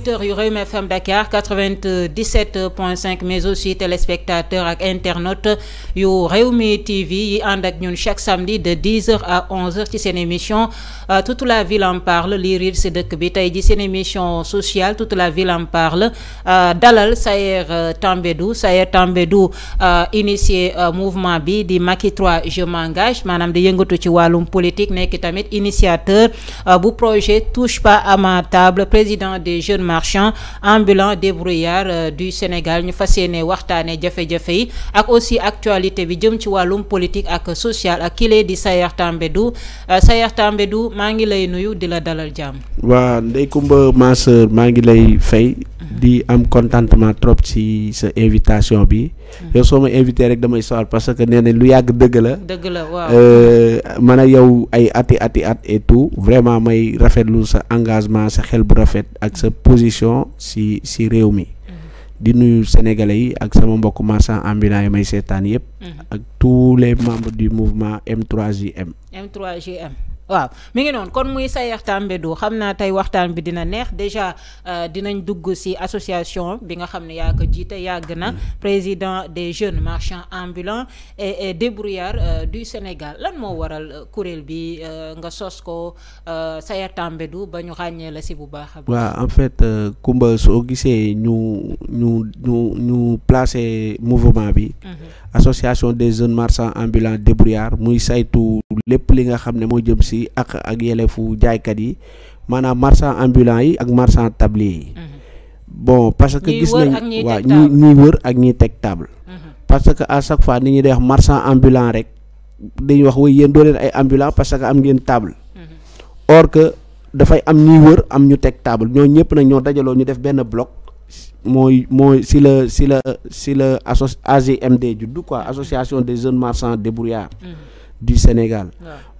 auditeurs yu Rewmi FM Dakar 97.5 mais aussi téléspectateurs ak internautes yu Rewmi TV yi ànd ak ñun chaque samedi de 10h à 11 ci seen émission euh, toute la ville en parle lii riir si dëkk bi tey ji seen émission sociale toute la ville en parle euh, dalal Sayer euh, Tambédou Sayer Tambédou initié mouvement bi di Macky 3 je m'engage maanaam di yëngatu ci wàllum politique nekk tamit initiateur bu projet touche pas à ma table président des jeunes marchand de débrouillard euh, du Sénégal ñu fa yéene waxtaanee jafe-jafe yi ak aussi actualité bi jëm ci wàllum politique ak social ak kile di Sayer Tambédou euh, Sayer Tambédou maa ngi lay nuyu di la dalal jàmm. waa Ndeye Comba ma sœur maa ngi lay fay. di am contentement trop ci sa invitation bi. Mm-hmm. yow soo ma invité rek damay sol parce que nee lu yàgg dëgg la. dëgg la waaw euh, man a yow ay ati ati at et tout vraiment may rafetlu sa engagement sa xel bu rafet position si si réew mi mm-hmm. di nuyu sénégalais yi ak sama mbokk marchand ambulant yi may seetaan yëpp mm-hmm. ak tous les membres du mouvement M3JM m waaw mi ngi noonu kon muy Sayer Tambédou xam naa tey waxtaan bi dina neex déjà euh, dinañ dugg ci association bi nga xam ne yaa ko jiite yàgg na mm-hmm. président des jeunes marchands ambulants et et euh, du Sénégal lan moo waral euh, kuréel bi nga sos ko Sayer Tambédou ba ñu ràññee la ci bu baax a baax. en fait Kumba soo gisee ñu ñu ñu ñu placer mouvement bi. Mm-hmm. association des jeunes marchands ambulants débrouillards muy saytu lépp li nga xam ne moo jëm ci. ci ak ak yelefu jaaykat yi maanaam marchand ambulant yi ak marchand tablier yi mhm. bon parce que gis nañ waaw ñi ñiy teg table mhm. parce que à chaque fois ni ñuy day wax marchand ambulant rek dañuy wax way yéen doo leen ay ambulant parce que am ngeen table mhm. or que dafay am ñuy wër am ñu teg table ñoo ñëpp nag ñoo dajaloo ñu def benn bloc mooy mooy si la si la si la asso AGMD judd quoi association des jeunes marchands débrouillards du Sénégal.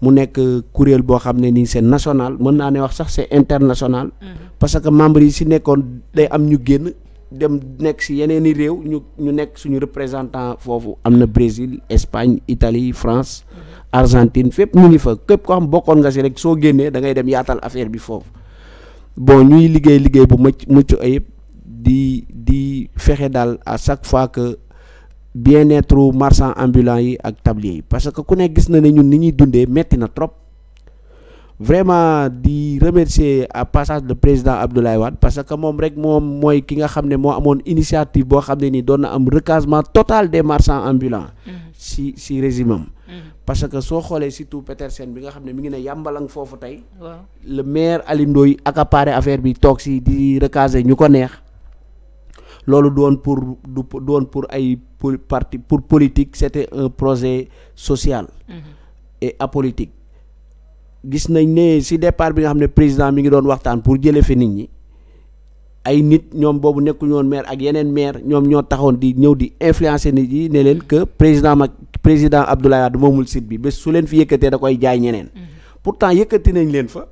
mu nekk kuréel boo xam ne nii seen national mën naa ne wax sax c'est international. Mm-hmm. parce que membre yi si nekkoon day am ñu génn dem nekk si yeneen i réew ñu ñu nekk suñu représentant foofu am na Brésil Espagne Italie France. Mm-hmm. Argentine fépp ñu ngi fa képp koo xam bokkoon nga si rek soo génnee dangay dem yaatal affaire bi foofu bon ñuy liggéey liggéey bu mucc mucc ayib di di fexe daal à chaque fois que. bien-être marchand ambulant yi ak tablier yi parce que ku ne gis na ne ñun ni ñuy dundee metti na trop vraiment di remercier à passage le président Abdoulaye Wade parce que moom rek moom mooy ki nga xam ne moo amoon initiative boo xam ne nii doon na am recasement totale des marchands ambulants mm-hmm. si si régime mm-hmm. parce que soo xoolee surtout Petersen bi nga xam ne mu ngi ne yàmbalang foofu tey le maire Aliou Ndoye accaparé affaire bi toog si di recaser ñu ko neex loolu doon pour du doon pour ay pour parti pour politique c'était projet social mm-hmm. et apolitique gis nañ ne si départ bi nga xam ne président mi ngi doon waxtaan pour jële fi nit ñi ay nit ñoom boobu nekkuñu woon maire ak yeneen maire ñoom ñoo taxoon di ñëw di influencer nit yi ne leen que président mag président Abdoulaye Wade moomul sit bi bés su leen fi yëkkatee da koy jaay ñeneen mm-hmm. pourtant yëkkati nañ leen fa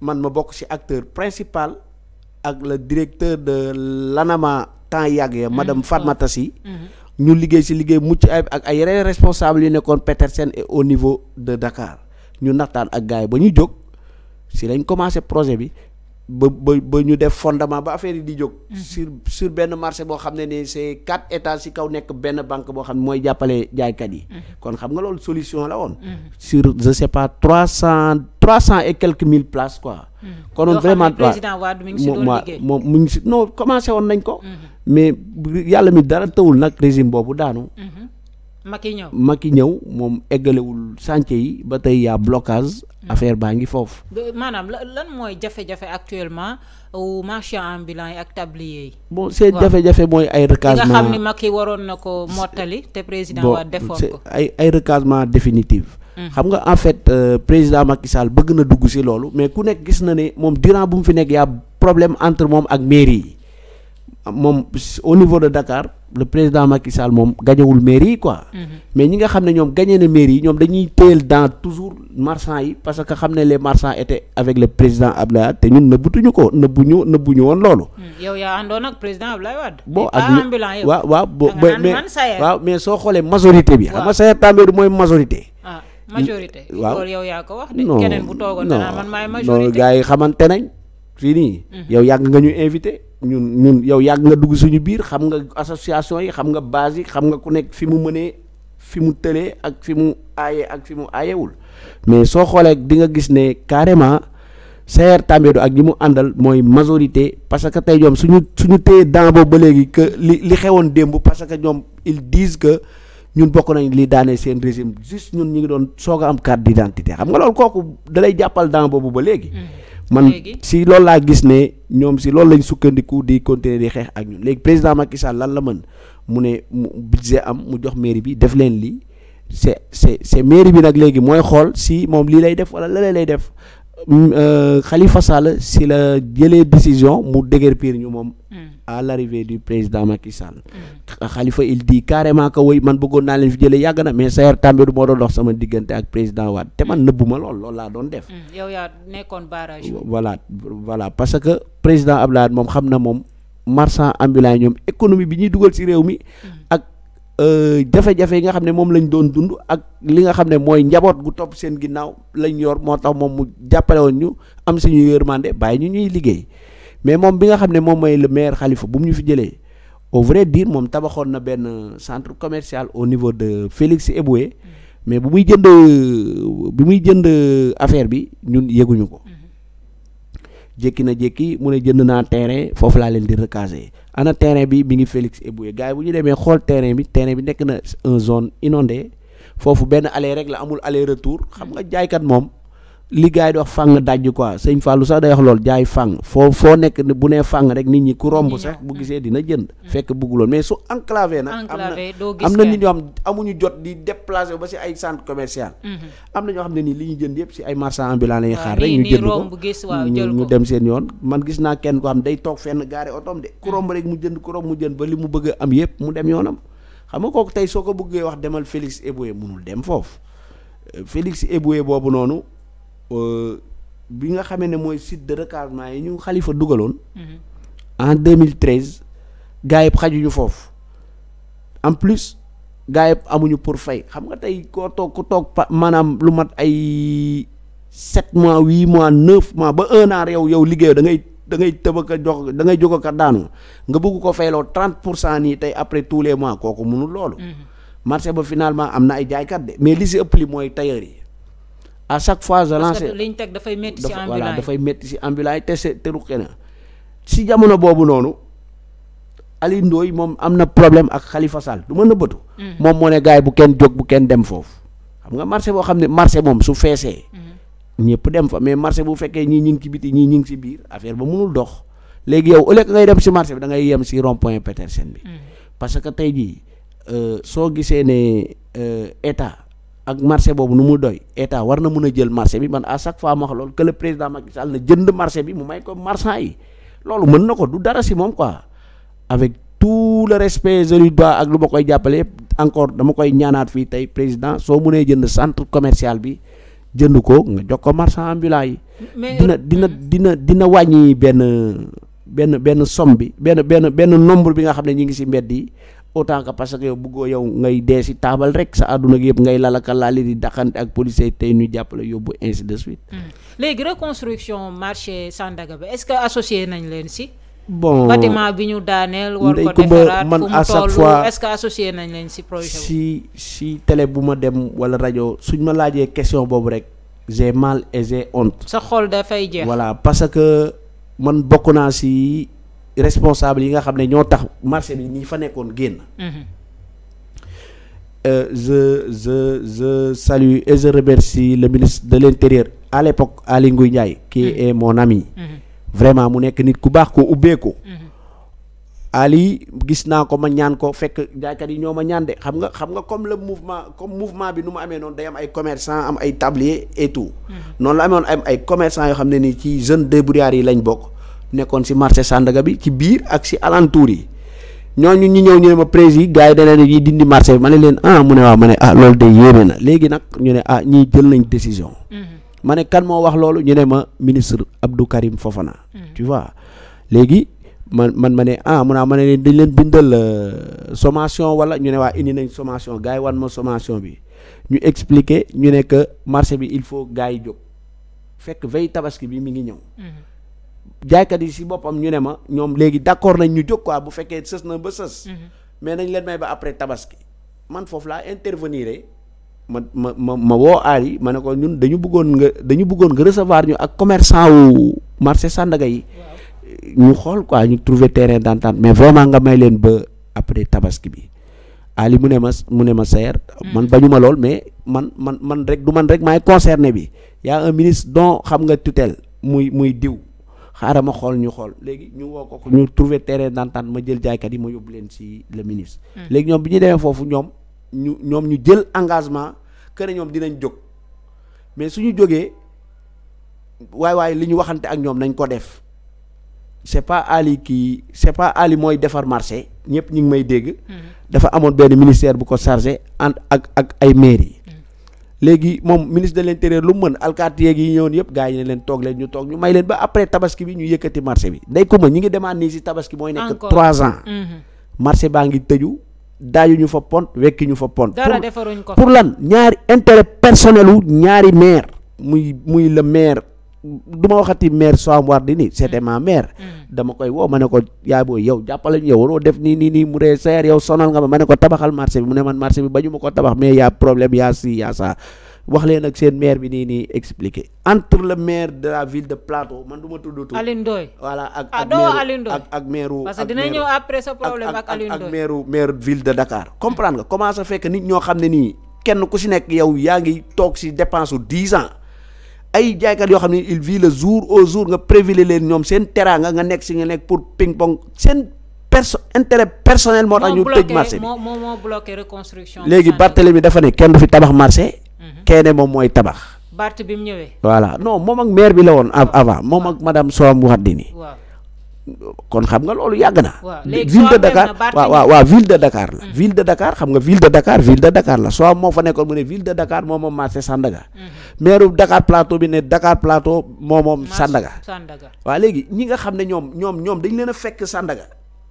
man ma bokk si acteur principal ak le directeur de l'ANAMA temps yàgg ya madame mm-hmm. Fatmata Sy mm-hmm. ñu liggéey si liggéey mucc ayib ak ay yeneen responsable yu nekkoon Petersen et au niveau de Dakar ñu naxtaan ak gars yi ba ñu jóg si lañ commencé projet bi ba ba ba ñu def fondement ba affaire yi di jóg mm-hmm. sur sur benn marché boo xam ne ni c'est quatre étages si kaw nekk benn banque boo xam ne mooy jàppale jaaykat yi kon xam nga loolu solution la woon sur je sais pas trois cent trois cent et quelques mille places quoi. Hmm. konoon vraiment waaw moom mu ngi si non commencé woon nañ ko. Hmm. mais yàlla mi dara tawul nag régime boobu hmm. moom eggalewul chantier yi ba tey yaa blocage. affaire baa ngi foofu. maanaam lan mooy jafe-jafe actuellement euh, marchand ambulant yi ak tablier yi. bon seen jafe-jafe mooy ay recasement nga Mm-hmm. xam nga en fait euh, président Macky Sall bëgg na dugg si loolu mais ku nekk gis na ne moom durant bu mu fi nekk yaa problème entre moom ak mairie yi moom au niveau de Dakar la président Macky Sall moom gañewul mairie yi quoi. Mm -hmm. mais ñi nga xam ne ñoom gañe na mairie yi ñoom dañuy téyel dans toujours marchands yi parce que xam ne les marchands étaient avec le président Abdoulaye te ñun nëbbutuñu ko nëbbuñu nëbbuñu woon loolu. Mm-hmm. yow yaa àndoon ak président Abdoulaye Wade. bon waaw mais soo xoolee majorité bi. xam majorité waaw loolu yow yaa ko wax. non keneen bu toogoon dana man maay majorité non gars yi xamante nañ fii nii. Mhm. yow yàgg nga ñu invité. ñun ñun yow yàgg nga dugg suñu biir xam nga association yi xam nga base yi xam nga ku nekk fi mu mënee fi mu tëlee ak fi mu aaye ak fi mu aayewul mais soo xoolee di nga gis ne carrément Sayer Tambédou ak ñi mu àndal mooy majorité parce que tey ñoom suñu suñu téye daan boobu ba léegi que li li xewoon démb parce que ñoom ils disent ñun bokk nañ li daanee seen régime juste ñun ñu ngi doon soog a am carte d'identité xam nga loolu kooku dalay jàppal dans boobu ba léegi mm. man si loolu laa gis ne ñoom si loolu lañ sukkandiku di continuer di xeex ak ñun léegi président Macky Sall lan la mën mu ne mu budget am mu jox mairie bi def leen lii se c'est se maire bi nag léegi mooy xool si moom lii lay def wala la lay def Mm, euh, Khalifa Sall si la jëlee décision mu déguerpir ñu moom. Mm. à l'arrivée du président Macky Sall. Mm. Khalifa il di carrément que woy man bëggoon naa leen fi jëlee yàgg na mais Sayer Tambadou moo doon dox sama diggante ak président Wade te man nëbbu ma lool loolu laa doon def. yow yaa nekkoon barrage. voilà voilà parce que président Abdoulaye moom xam na moom marchand ambulant ñoom économie bi ñuy dugal ci réew mi ak. Euh, jafe-jafe yi nga xam ne moom lañ doon dund ak li nga xam ne mooy njaboot gu topp seen ginnaaw lañu yor moo tax moom mu jàppalewoon ñu am suñu yërmande bàyyi ñu ñuy liggéey mais moom bi nga xam ne moom mooy le maire Khalifa bu mu ñu fi jëlee au vrai dire moom tabaxoon na benn centre commercial au niveau de Félix Éboué mais bu muy jënd bi muy jënd affaire bi ñun yëguñu ko. jékki na jékki mu ne jënd naa terrain foofu laa leen di recaser ana terrain bi mi ngi Félix Eboué gars bu ñu demee xool terrain bi terrain bi nekk na un zone inondée foofu benn aller rek la amul aller retour xam nga jaaykat moom li gars yi di wax fàng dajj quoi sëñ Fallou sax day wax loolu jaay fàng foo foo nekk bu nee fàng rek nit ñi ku romb sax bu gisee dina jënd mm. fekk bëgguloon mais su enclavé nag am na am na nit ñoo xam amuñu jot di déplacé ba si ay centre commercial mm-hmm. am na ñoo xam ne nii li ñuy jënd yëpp si ay marchand ambulant la ñuy xaar rek ñu jënd ko ñu dem seen yoon man gis naa kenn ko xam day toog fenn gaare otoom de ku romb rek mu jënd ku romb mu jënd ba li mu bëgg a am yëpp mu dem yoonam xam nga kooku tey soo ko bëggee wax demal Félix Éboué munul dem foofu euh, Félix Éboué boobu noonu bi nga xamee ne mooy sit de recasement yi ñu xalifa dugaloon. Mhm. en 2013 gars yëpp xajuñu foofu en plus gars yëpp amuñu pour fay xam nga tey koo toog ku toog pa maanaam lu mat ay sept mois huit mois neuf mois ba un an yow yow liggéeyoo da ngay da ngay tëbaka jox da ngay jóg kat daanu nga bëgg ko fayloo trente pour cent nii tey après tous les mois kooku mënul loolu. Mhm. marché ba finalement am na ay jaaykat de mais li si ëpp li mooy tailleur yi. à chaque fois je lance liñ teg dafay métti si ambulant voilà yi te se te ruqe na si jamono boobu noonu Aliou Ndoye moom am na problème ak Khalifa Sall du ma nëbbatu hmm. moom moo ne gaay bu kenn jóg bu kenn dem foofu xam nga marché boo xam ne marché moom su feesee hmm. ñëpp dem fa mais marché bu fekkee ñii ñi ngi ci biti ñii ñi ngi ci biir affaire ba mënul dox léegi yow au lieu que ngay dem ci marché bi da ngay yem ci rond point Petersen bi hmm. parce que tey jii euh, soo gisee ne euh, état ak marché boobu nu mu doy état war na mun a jël marché bi man à chaque fois ma wax loolu que président Macky na jënd marché bi mu may ko marchand yi loolu mën na ko du dara si moom ko avec tout le respect je lui dois ak lu ma koy jàppale encore dama koy ñaanaat fii tey président soo munee jënd centre commercial bi jënd ko nga jox ko marchand ambulant yi. dina euh, dina dina dina wàññi benn benn benn somme bi benn benn benn nombre bi nga xam ne ñu ngi si mbedd yi autant que parce que yow bëggoo yow ngay dee taabal rek sa àdduna gi yëpp ngay lalaka laali di daxante ak policier tey ñu jàppale yóbbu ainsi de suite. Hmm. léegi reconstruction marché Sandaga bi est que associé nañ leen si. bon bâtiment bi ñu daaneel. war ko defaraat man à chaque fois associé nañ leen si si si bu ma dem wala rajo suñ ma laajee question boobu rek j'ai mal et j'ai honte. sa xol dafay jeex. voilà parce que man bokk naa si. responsable yi nga xam ne ñoo tax marché bi ñi fa nekkoon génn. Mhm. Euh, je je le ministre de l'intérieur à l'époque Aly Ngouille Ndiaye qui mm vraiment mu nekk nit ku baax ko ubbeeku. Mhm. Ali gis naa ko ma ñaan ko fekk jaaykat yi ñoo ma ñaan de xam nga xam nga comme le mouvement comme mouvement bi nu mu amee noonu day am ay commerçant am ay tablier et tout. noonu la amoon am ay commerçant yoo xam ne nii ci jeunes débrouillards yi lañ bokk. nekkoon si marché Sandaga bi ci biir ak si alentour yi ñooñu ñu ñëw ñu ne ma prési gars yi da leen ñuy dindi marché bi ma ne leen ah mu ne waaw ma ne ah loolu de yéeme na léegi nag ñu ne ah ñiy jël nañ décision. Mm-hmm. ma ne kan moo wax loolu ñu ne ma ministre Abdou Karim Fofana. Mm-hmm. tu vois léegi man man ma ne ah mu naa ma ne leen dañ leen bindal euh, sommation wala ñu ne waa indi nañ sommation gars yi wan ma sommation bi ñu expliquer ñu ne que marché bi il faut gars yi jóg fekk veille tabaski bi mi ngi ñëw. Mm-hmm. jaaykat yi si boppam ñu ne ma ñoom léegi d'accord nañ ñu jóg quoi bu fekkee sës na ba sës. Mhm. mais nañ leen may ba après tabaski man foofu laa intervenir ma ma ma ma woo aar ma ne ko ñun dañu bëggoon nga dañu bëggoon nga recevoir ñu ak commerçant wu marché Sandaga yi ñu xool quoi ñu trouver terrain d'entente mais vraiment nga may leen ba après tabaski bi Ali mu ne ma mu ne ma seer mhm. man bañu ma lool mais man man man rek du man rek may concerné bi yaa un ministre dont xam nga tutelle muy muy diw xaaral ma xool ñu xool léegi ñu woo ko ñu trouver terrain d'entente ma jël jaaykat yi ma yóbbu leen si le ministre. Hmm. léegi ñoom bi ñu demee foofu ñoom ñu ñoom ñu jël engagement que ne ñoom dinañ jóg mais su ñu jógee waay waaye li ñu waxante ak ñoom nañ ko def c'est pas Ali kii c'est pas Ali mooy defar marché ñëpp ñu ngi may dégg. Hmm. dafa amoon benn ministère bu ko chargé ànd ak ak ay mairie léegi moom ministre de l'intérieur lu mën alkaati yeeg yi ñëwoon yëpp gars yi ne leen toog leen ñu toog ñu may leen ba après tabaski bi ñu yëkkati marché bi day ko ma ñi ngi demaat nii si tabaski mooy nekk trois ans mhm. marché baa ngi tëju daaju ñu fa pont wekki ñu fa pont defaruñ ko pour lan ñaari intérêt personnel wu ñaari mair muy muy le maire du ma waxati maire Soham Wardini c'était mm. ma mère mm. dama koy woo ma ne ko yaay booy yow jàppale ñu yow waroo def nii nii nii mu ree seer yow sonal nga ma ma ne ko tabaxal marché bi mu ne man marché bi ba ma ko tabax mais y'a problème y'a si y'a wax leen ak seen maire bi nii nii expliqué entre le maire de la ville de Plateau man du ma tudd. Alioune Ndoye ak ak maire ak ak sa problème ak Alioune Ndoye ak maire maire ville de Dakar comprendre nga comment fekk nit ñoo xam ne nii kenn ku si nekk yow yaa ngi toog si dépense u dix ans ay jaaykat yoo xam ne il vit le jour au jour nga privilégié leen ñoom seen teraanga nga nekk si nga nekk pour ping pong seen perso intérêt personnel moo tax ñu tëj marché bi moo bloqué reconstruction léegi Barthélemy dafa ne kenn du fi tabax marché mhm. keene moom mooy tabax barte bi mu ñëwee voilà no moom ak maire bi la woon avant moom ak madame Soham Wardini waaw kon xam nga loolu yàgg na. ville de Dakar waaw waaw waaw ville de Dakar la. Mm. ville de Dakar xam nga ville de Dakar ville de Dakar la soo moo fa nekkoon mu ne ville de Dakar moo moom marché Sandaga. Mm-hmm. maire Dakar léegi ñi nga xam ne ñoom ñoom ñoom dañ leen a fekk Sandaga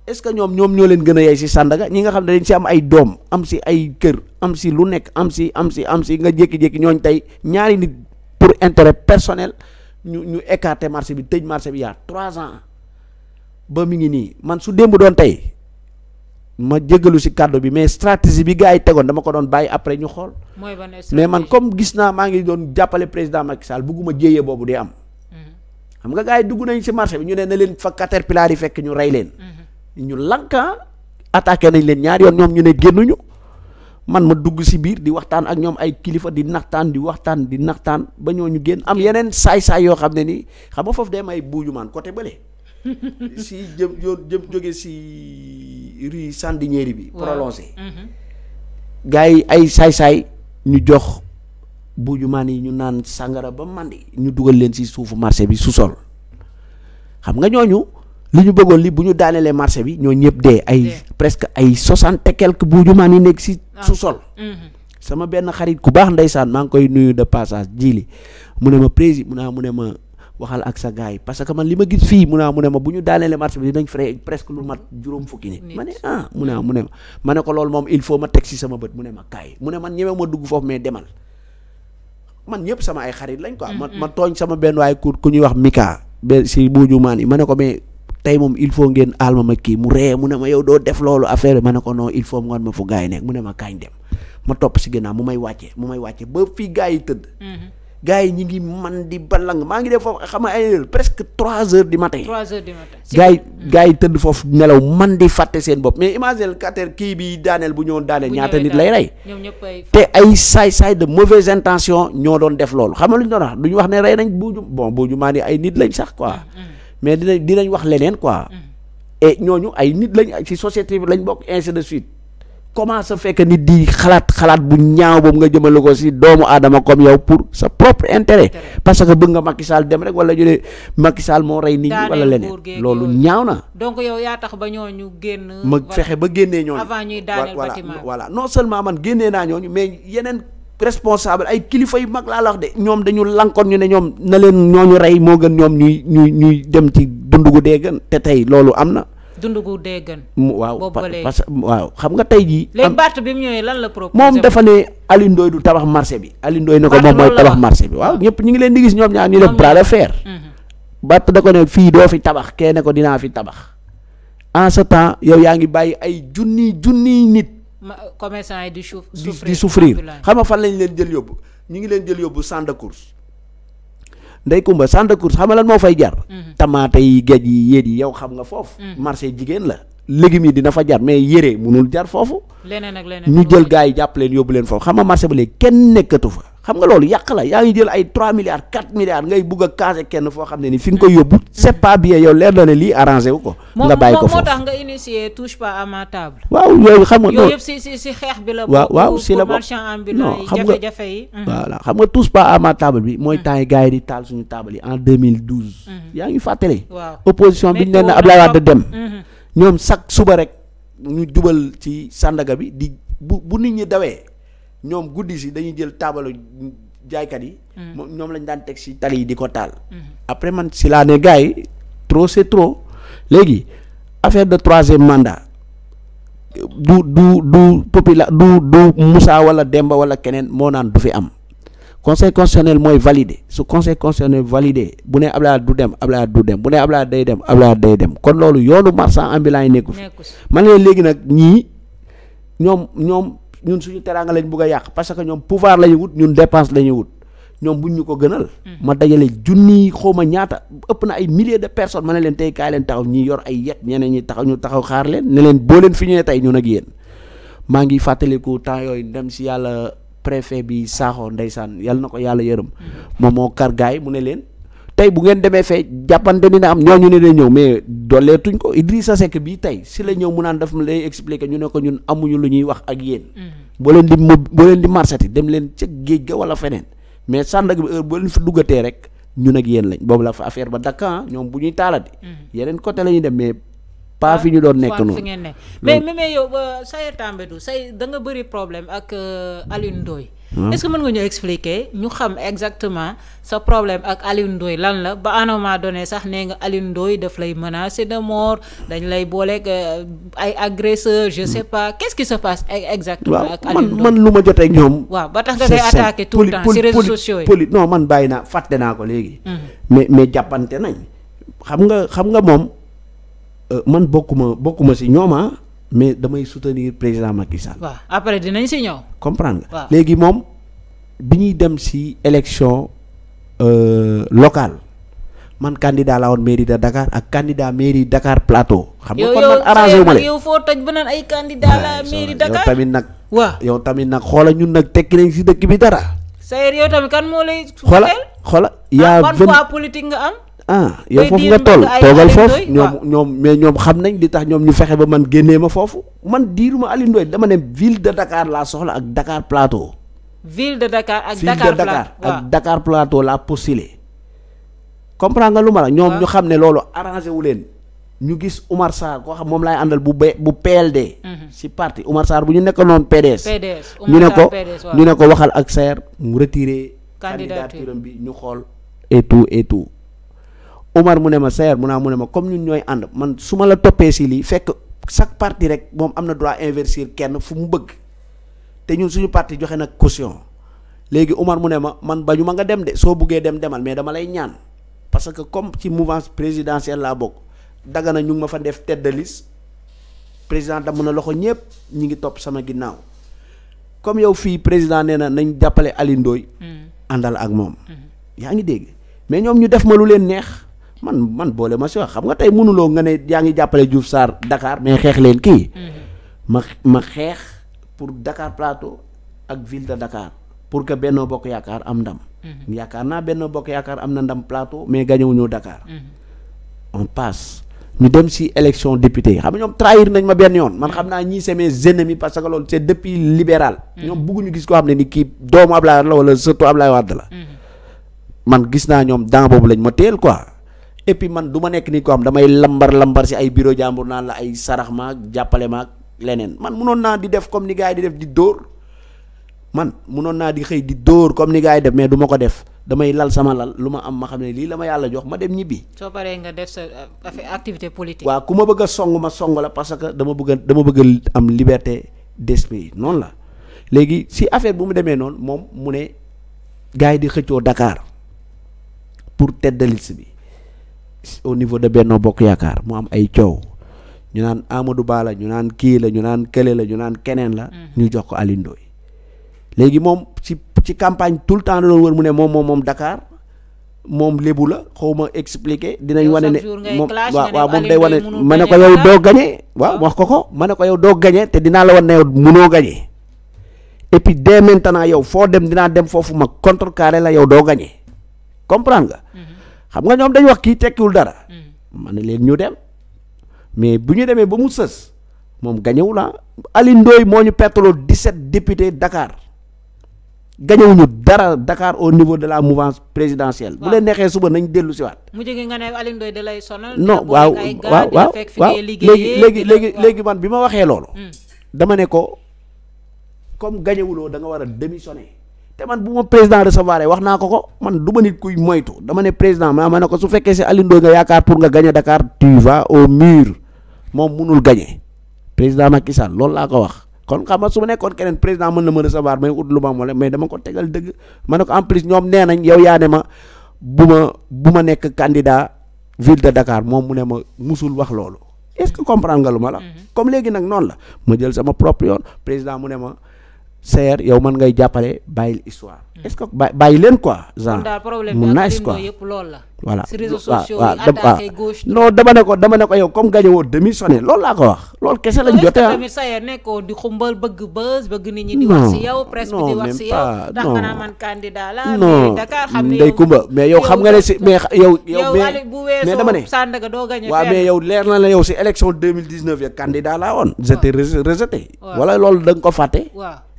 est-ce que ñoom ñoom ñoo leen gën a yey si Sandaga ñi nga xam ne dañ si am ay doom am si ay kër am si lu nekk am si am si am si nga jékki-jékki ñooñ tey ñaari nit pour intérêt personnel ñu ñu écarter marché bi tëj marché bi yaa trois ba mi ngi nii man su démb doon tey ma jégalu si kàddu bi mais stratégie bi gars yi tegoon dama ko doon bàyyi après ñu xool. mais man comme gis naa maa ngi doon jàppale président Macky Sall bugguma jéyee boobu di am. Mhm. xam nga gars yi dugg nañ si marché bi ñu ne na leen fa caterpillar yi fekk ñu rey leen. Mhm. ñu lanka ah, attaqué nañ leen ñaar yoon ñoom ñu ne génnuñu man ma dugg si biir di waxtaan ak ñoom ay kilifa di naxtaan di waxtaan di naxtaan ba ñoo ñu génn am yeneen saay-saay yoo xam ne nii xam nga foofu day may buuju maan côté bële. si jëm yoon jëm jóge si rue Sandiniéry bi prolongé mhm. gars yi ay saay-saay ñu jox buuju maan yi ñu naan sàngara ba màndi ñu dugal leen si suufu marché bi su sol xam nga ñooñu li ñu bëggoon li bu ñu daanelee marché bi ñoo ñëpp dee ay presque ay soixante et quelque buuju maan yi nekk si ah. sous-sol mhm. sama benn xarit ku baax ndey ndeysaan maa ngi koy nuyu de passage jii li mu ne ma président ah, mu ne ma waxal ak sa gars yi parce que man li ma gis fii mu ne mu ne ma bu ñu daaneele marché bi dinañ frais presque lu mat juróom fukki nit ma ne ah mu ne mu ne ma ma ne ko loolu moom il faut ma teg si sama bët mu ne ma kaay mu ne man ñeme ma dugg foofu mais demal man ñëpp sama ay xarit lañ quoi ma ma tooñ sama benn waaye ku ku ñuy wax Mika be si buuju maan ma ne ko mais tey moom il faut ngeen alma ma kii mu ree mu ne ma yow doo def loolu affaire ma ne ko non il faut ngoon ma fu gars mu ne ma kaañ dem ma topp si ginnaaw mu may wàcce mu may wàcce ba fii gars yi tëdd mm-hmm. gars yi ñi ngi man di balang maa ngi def foofu xam ay presque trois heures du matin. trois heures yi gars hmm. tëdd foofu nelaw man di fàtte seen bopp mais imagine kater kii bi daaneel bu ñëwoon daaneel ñaata nit lay rey. te ay saay saay de mauvaise intention ñoo doon def loolu xam nga lu ñu doon wax du ñu wax ne rey nañ buuju bon buuju maa ni ay nit lañ sax quoi. Hmm, hmm. mais dinañ dinañ wax leneen quoi. et ñooñu ay nit lañ ci société lañ bokk ainsi de suite. comment ça fait nit di xalaat xalaat bu ñaaw boobu nga jëmale ko si doomu aadama comme yow pour sa propre intérêt parce que bëgg nga Macky Sall dem rek wala ñu ne moo rey nit ñi wala leneen loolu ñaaw na. donc yow yaa tax ba ñooñu génn. ma fexe ba génnee ñooñu. avant ñuy daaneel bâtiment voilà non seulement man génnee naa ñooñu mais yeneen. responsable ay kilifa yu mag laa la wax de ñoom dañu lankoon ñu ne ñoom na leen ñoo ñu rey moo gën ñoom ñuy ñuy ñuy dem ci dund gu dee gën te tey loolu am na. dund gu dee gën. waaw parce que waaw xam nga tey jii. léegi Barth bi mu lan la proposé moom dafa ne Alioune du tabax marché bi. Alioune na ko moom mooy tabax marché bi waaw ñëpp ñu ngi leen di gis ñoom ñaar ñu def bras de fer. Mhm. Barth da ko ne fii doo fi tabax kee ne ko dinaa fi tabax en ce temps yow yaa ngi bàyyi ay junniy junniy nit. commerçant yi di souffrir di souffrir xam nga fan lañ leen jël yóbbu ñu ngi leen jël yóbbu centre de course. ndey kumba centre de course xam nga lan moo fay jar mhm. tamaate yi gej yi yéet yi yow xam nga foofu mhm. marché jigéen la légumes yi dina fa jar mais yére munul jar foofu ñu jël gars yi jàpp leen yóbbu leen foofu xam nga ba léegi kenn nekkatu fa xam nga loolu yàq la yaa ngi jël ay 3 milliards 4 milliards ngay bugg a casé kenn foo xam ne ni fi nga ko yóbbu c'est pas bien yow leer na ne lii arrangé wu ko. nga bàyyi ko foofu moo tax nga waaw yooyu xam nga. yooyu si si xeex bi la. waaw waaw si la bokk marchand ambulant yi jafe mhm. xam nga touche pas à ma bi. mooy temps yi yi di taal suñu table yi en 2012. Mhm. yaa ngi fàttali. waaw opposition bi ñu ne na Abdoulaye Wade dem. Mhm. ñoom chaque suba rek ñu jubal ci Sandaga bi di bu bu nit ñi dawee. ñoom guddi si dañuy jël taabalu jaaykat yi. Mm. ñoom lañ daan teg si tali yi di ko taal. Mm-hmm. après man si laa ne gars yi trop c'est trop léegi affaire de troisième mandat du du du popula du du Moussa wala Demba wala keneen moo naan du fi am. conseil constitutionnel mooy validé su conseil constitutionnel validé bu ne Abdoulaye du dem laa du dem bu ne laa day dem Abdoulaye day dem kon loolu yoonu marchand ambulant yi nekku fi man léegi nag ñii ñoom ñoom. ñun suñu teraanga lañ bugg a yàq parce que ñoom pouvoir la ñuy wut ñun dépense la wut ñoom buñ ñu ko gënal. Mm. ma dajale junni xaw ñaata ëpp na ay milliers de personnes ma ne leen tey kaay leen taxaw ñi yor ay yet ñeneen ñi taxaw ñu taxaw xaar leen ne leen boo leen fi ñëwee tey ñun ak yéen maa ngi fàttaliku temps yooyu dem si yàlla préfet bi Sakho ndeysaan yàlla na ko yàlla yërëm mm. moom moo kar gaay mu ne leen. tey bu ngeen demee fee jàppante ni na am ñooñu ne day ñëw mais dooleetuñ ko Idrissa Seck bii tey si la ñëw mu naan daf lay expliquer ñu ne ko ñun amuñu lu ñuy wax ak yéen. Mm-hmm. boo leen di mob boo leen di marsati dem leen ca géej ga wala feneen mais Sandaga bi heure boo leen fa duggatee rek ñun ak yéen lañ boobu la fa affaire ba dakkan ah, ñoom bu ñuy taalati. Mm-hmm. yeneen côté la ñuy dem mais. pas fi ñu doon nekk noonu mais mais yow euh, Sayer Tambadou say da nga bëri problème ak euh, Alioune Ndoye Hmm? est-ce que mën nga ñu expliquer ñu xam exactement sa problème ak alindooy lan la ba à un moment sax nee nga Alioune Ndoye daf lay menacer de mort dañ lay booleeg euh, ay agresseur je sais pas quest que qui se passe e-, exactement ak Alioune Ndoye man lu ma jotee ñoom waaw ba tax nga koy attaquer tout le temps ci réseaux sociaux yi non man bàyyi naa fàtte naa ko léegi hmm. mais mais jàppante nañ xam nga xam nga moom euh, man bokkuma bokkuma si ñooma ah. mais damay soutenir président Macky Sall. waaw après dinañ si ñëw. comprendre léegi moom bi ñuy dem si élection euh, locale man candidat laa woon mairie de Dakar ak candidat mairie Dakar Plateau. xam nga kon man arrangé wu yow foo toj ba naan ay candidat la mairie Dakar yow tamit nag. waaw yow tamit nag xoola ñun nag tekki nañ si dëkk bi dara. Sayer yow tamit kan moo lay. xoola xoola y' a ah, vingt nga am. ah yow foofu nga toll toogal foofu ñoom ñoom mais ñoom xam nañ li tax ñoom ñu fexe ba man génnee ma foofu man diiruma Alioune dama ne ville de Dakar laa soxla ak Dakar Plateau. ville de Dakar ak Dakar Dakar ak Dakar Plateau laa postulé. comprend nga lu ma la ñoom ñu xam ne loolu arrangé wu leen ñu gis Umar Sarr koo xam moom laay àndal bu be bu PLD. Mhm. si parti Umar Sarr bu ñu nekk noonu PDS. ñu ne ko ñu ne ko waxal ak Sarr mu retiré. candidature bi ñu xool et tout et tout. Omar mu ne ma Saer mu naa mu ne ma comme ñun ñooy ànd man su ma la toppee si lii fekk chaque parti rek moom am na droit investir kenn fu mu bëgg te ñun suñu parti joxe nag caution léegi Omar mu ne ma man bañu ma nga dem de soo buggee dem demal mais dama lay ñaan parce que comme ci mouvance présidentielle laa bokk dagana ñu ngi ma fa def tête de liste président damm na loxo ñëpp ñu ngi topp sama ginnaaw comme yow fii président nee na nañ jàppale Alioune man man boole ma si wax xam nga tey mënuloo nga ne yaa ngi jàppale Diouf Sarr Dakar mais xeex leen kii. Mm-hmm. ma ma xeex pour Dakar Plateau ak ville de Dakar pour que Benno Bokk Yaakaar am ndam. Mm-hmm. yaakaar naa Benno Bokk Yaakaar am na ndam Plateau mais gañewuñu Dakar. Mm-hmm. on passe ñu dem si élection député yi xam nga ñoom trahir nañ ma benn yoon man xam naa ñii c'est mes parce que loolu c'est depuis libéral. ñoom bëgguñu gis koo xam ne ni kii doomu Ablaye la wala surtout man gis naa ñoom daan lañ ma teel quoi. et man du ma nekk nit ko xam damay lambar lambar si ay bureau jàmbur naan la ay sarax maag jàppale maag leneen man munoon naa di def comme ni gars yi di def di dóor man munoon naa di xëy di dóor comme ni gars yi def mais du ma ko def damay lal sama lal lu ma am ma xam ne lii la ma yàlla jox ma dem ñibbi. soo paree nga def sa euh, activité politique. waaw ku ma bëgg a song ma song la parce que dama bëgg a dama bëgg a am liberté d'esprit noonu la léegi si affaire bu mu demee noonu moom mu ne gaa yi di xëccoo dakaar pour tête bi. au niveau de Benno Bokk Yaakaar mu am ay coow ñu naan Amadou Ba la ñu naan kii la ñu naan kële la ñu naan keneen la. Mm-hmm. ñu jox ko Alioune léegi moom ci ci campagne tout le temps da doon wër mu ne moom moom moom Dakar moom lébu la xaw ma expliqué. dinañ wane ne moom waaw waaw moom day wane ma ne ko yow doo gañe waaw ah. wax ko ko ma ne ko yow doo gañe te dinaa la wan ne yow munoo gañe et puis dès yow foo dem dinaa dem foofu mag contre contrecarré la yow doo gañe xam nga ñoom dañ wax kii tekkiwul dara. ma mm. ne leen ñu dem mais bu ñu demee ba mu sës moom gañewul ah Alioune Ndoye moo ñu perteloo 17 députés Dakar gañewuñu dara dakaar au niveau de la mouvance présidentielle. bu leen neexee suba nañ dellu si waat. mu jógee nga ne Alioune da lay sonal. non waaw waaw waaw léegi léegi léegi léegi man bi ma waxee loolu. Mm. dama ne ko comme gañewuloo danga war a démissionner. te man bu ma président recevoir wax naa ko ko man du ma nit kuy moytu dama ne président ma ma ne ko su fekkee si Alioune Ndoye nga yaakaar pour nga gagné Dakar tu vas au mur moom munul gagné président Macky Sall loolu laa ko wax. kon xam ma su ma nekkoon keneen président mën na ma recevoir may ut lu ma mole mais dama ko tegal dëgg ma ne ko en plus ñoom nee nañ yow yaa ne ma bu ma bu ma nekk candidat ville de Dakar moom mu ne ma musul wax loolu est-ce que comprendre ma la. Mm-hmm. léegi nag noonu la ma jël sama propre yoon président mu ne ma. seer yow man ngay jàppale bàyyil histoire mm. est-ce que bàyyi leen quoi genre mu nice quoi voilà waaw non dama ne ko dama ne ko yow comme gañe woo démissionné loolu laa ko wax loolu kese lañ jotee ah non même Kumba mais yow xam nga ne si mais yow yow mais dama ne waaw mais yow leer na la yow si élection 2019 ya candidat laa woon j'étais rejeté wala loolu da ko fàtte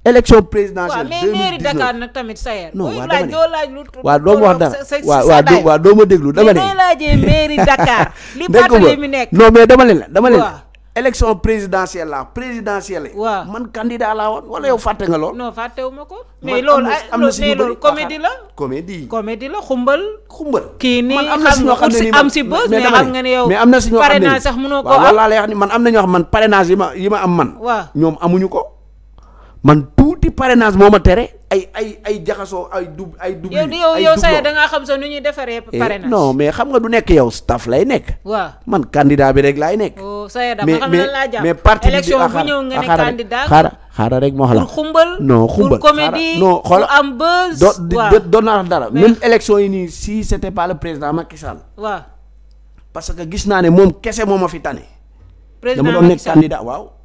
élection présidentielle. deux mille dix neuf waaw mais mairie Dakar nag tamit Sayer. non waaw dama ne waaw doo ma wax dara waaw waaw waaw doo ma déglu dama ne. li may laajee mairie Dakar. li Barthélémy mi nekk non mais dama leen la dama leen la. élection présidentielle la présidentielle. waaw man candidat laa woon wala yow fàtte nga lool. non fàttewuma ko. mais loolu ah, am na mais loolu comédie la. comédie comédie la xumbal. xumbal kii nii man am na si ñoo xam ne nii am si bës. mais xam nga ne yow mais am na si ñoo xam ne parrainage sax mënoo ko am. waaw loolu laa lay wax ni man am na ñoo xam man parrainage yi ma yi ma am man. waaw ñoom amuñu ko. man tuuti parrainage moo ma tere ay ay ay jaxasoo ay dub ay dub yow yow yow sa da ngaa xam sa nu ñuy defaree eh, parrainage non mais xam nga du nekk yow staff lay nekk waaw man candidat bi rek laay nekk oh, sa dama xam lan mais parti bi bu ah, nga ne candidat rek moo xam la xumbal no xumbal comédie non xoola am buzz do doon naa dara même élection yi nii si c'était pas le président Macky Sall waaw parce que gis naa ne moom kese moom ma fi tane dama doon nekk candidat waaw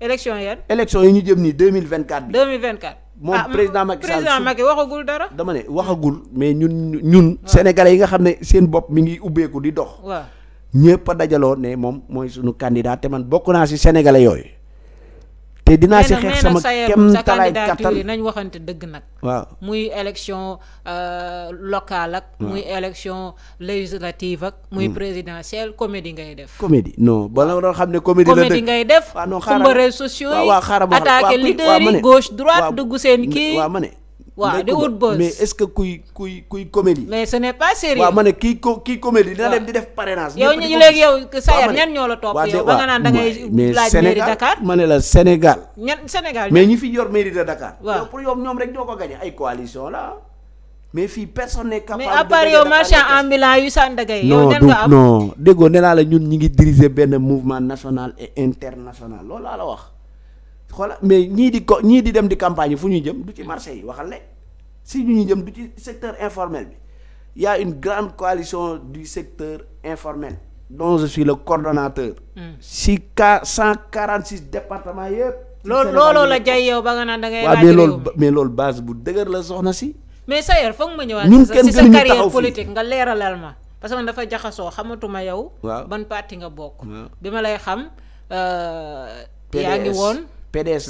élection yan. élection yi ñu jëm nii deux mille vingt quatre bi. deux mille vingt quatre moom ah, président Macky Sall président Macky waxagul dara. dama ne waxagul mais ñun ñun. sénégalais yi nga xam ne seen bopp mi ngi ubbeeku di dox. waaw ñëpp a dajaloo ne moom mooy suñu candidat te man bokk naa si sénégalais yooyu. te dinaa si xeex sama kem talaay kattan nañ waxante dëgg nag. waaw muy élection euh, locale ak. muy élection législative ak. muy hmm. présidentielle comédie ngay def. comédie non ba la xam ne comédie comédie ngay def. waaw non xaaral réseaux sociaux yi. attaqué leader yi gauche droite dugg seen kii. waaw ma ne waaw di wut buzz mais est-ce que kuy kuy kuy comédie. mais ce n'est pas sérieux. waaw ne kii co kii comédie dina dem di def parrainage. yow ñu léegi yow sa yar ñan ñoo la topp yow ba nga naan da ngay ma ne la Sénégal. ñan Sénégal mais ñi fi yor mairie de Dakar. waaw pour yow ñoom rek ñoo ko gagné ay coalition la mais fi personne n'est mais à part yow marchand ambulant yu sàndagay. yow den nga am non non déggoo nee la ñun ñi ngi diriger benn mouvement national et international loolu laa wax. xoola mais ñii di ko ñii di dem di campagne yi fu ñuy jëm du ci marché yi waxale si ñu ñuy jëm du ci secteur informel bi y une grande coalition du secteur informel dont je le coordonnateur hmm. si ca cent quarante six départements yëpp loolu looloo la jay yow ba nga naan da ngay waaw mais loolu mais loolu base bu dëgër la soxna si mais Sayer foog ma ñëwaat ñun kenn si nga leeralal ma parce que man dafa jaxasoo xamatuma yow waaw ban parti nga bokk bi ma lay xam euh, yaa ngi woon PDS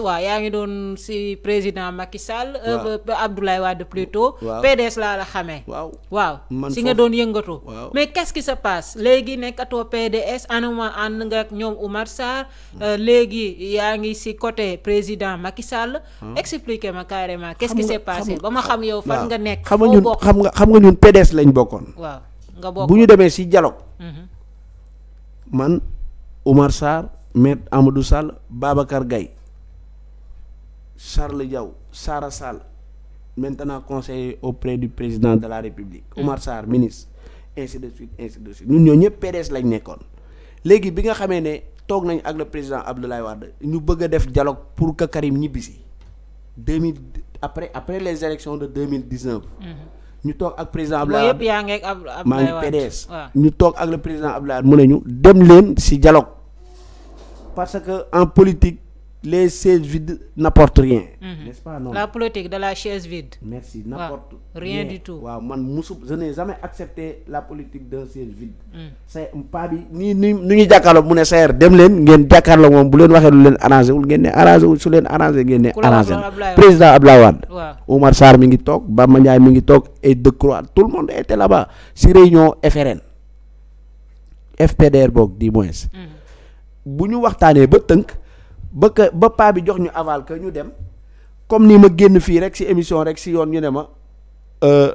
waaw yaa ngi doon si président Macky Sall. Euh, waaw Abdoulaye Wade plutôt. waaw PDS laa la xamee. waaw waaw si nga doon yëngatu. mais qu'est-ce qui se passe léegi nekkatoo PDS anuma ànd nga ak ñoom Oumar Sarr. Euh, léegi yaa ngi si côté président Macky Sall. expliquez ma carrément qu'est-ce qui s'est passé ba ma xam yow fan nga nekk. xam nga ñun xam nga xam nga ñun PDS lañ bokkoon. waaw nga bokk bu ñu demee si dialogue. Mhm. man Oumar Sarr. Maître Amadou Sall Babacar Gaye Charles Diaw Sara Sall maintenant conseiller au du président de la République Omar mm. Sarr ministre ainsi de suite ñun ñoo ñëpp PDS lañ nekkoon léegi bi nga xamee ne toog nañ ak le président Abdoulaye Wade ñu bëgg def dialogue pour que Karim ñibbisi deux mille après après les élections de deux mille dix neuf mm-hmm. ñu toog ak président Abdoulaye Wade maa ngi PDS mu ne ñu dem leen si dialogue parce que en politique les chaises vides n'apportent rien. Mmh. n'est-ce pas non la politique de la chaise vide. merci n'apporte ouais. rien, rien du tout. waaw man musu je n'ai jamais accepté la politique d'un siège vide. Mm. c'est pas bi nii ni ni ñu jàkkaarloo mu ne Saër dem leen ngeen jàkkaarloo moom bu leen waxee lu leen arrangé wul ngeen ne arrangé wul su leen arrangé ngeen ne. arrangé président Abdoulaye Wade. waaw Omar Sarr mi ngi toog Bamba Ndiaye mi ngi toog et Decroix tout le monde était là-bas si réunion FRN FPDR boog du moins. Mmh. bu ñu waxtaanee ba tënk ba ka paa bi jox ñu aval que ñu dem comme nii ma génn fii rek si émission rek si yoon ñu ne ma euh,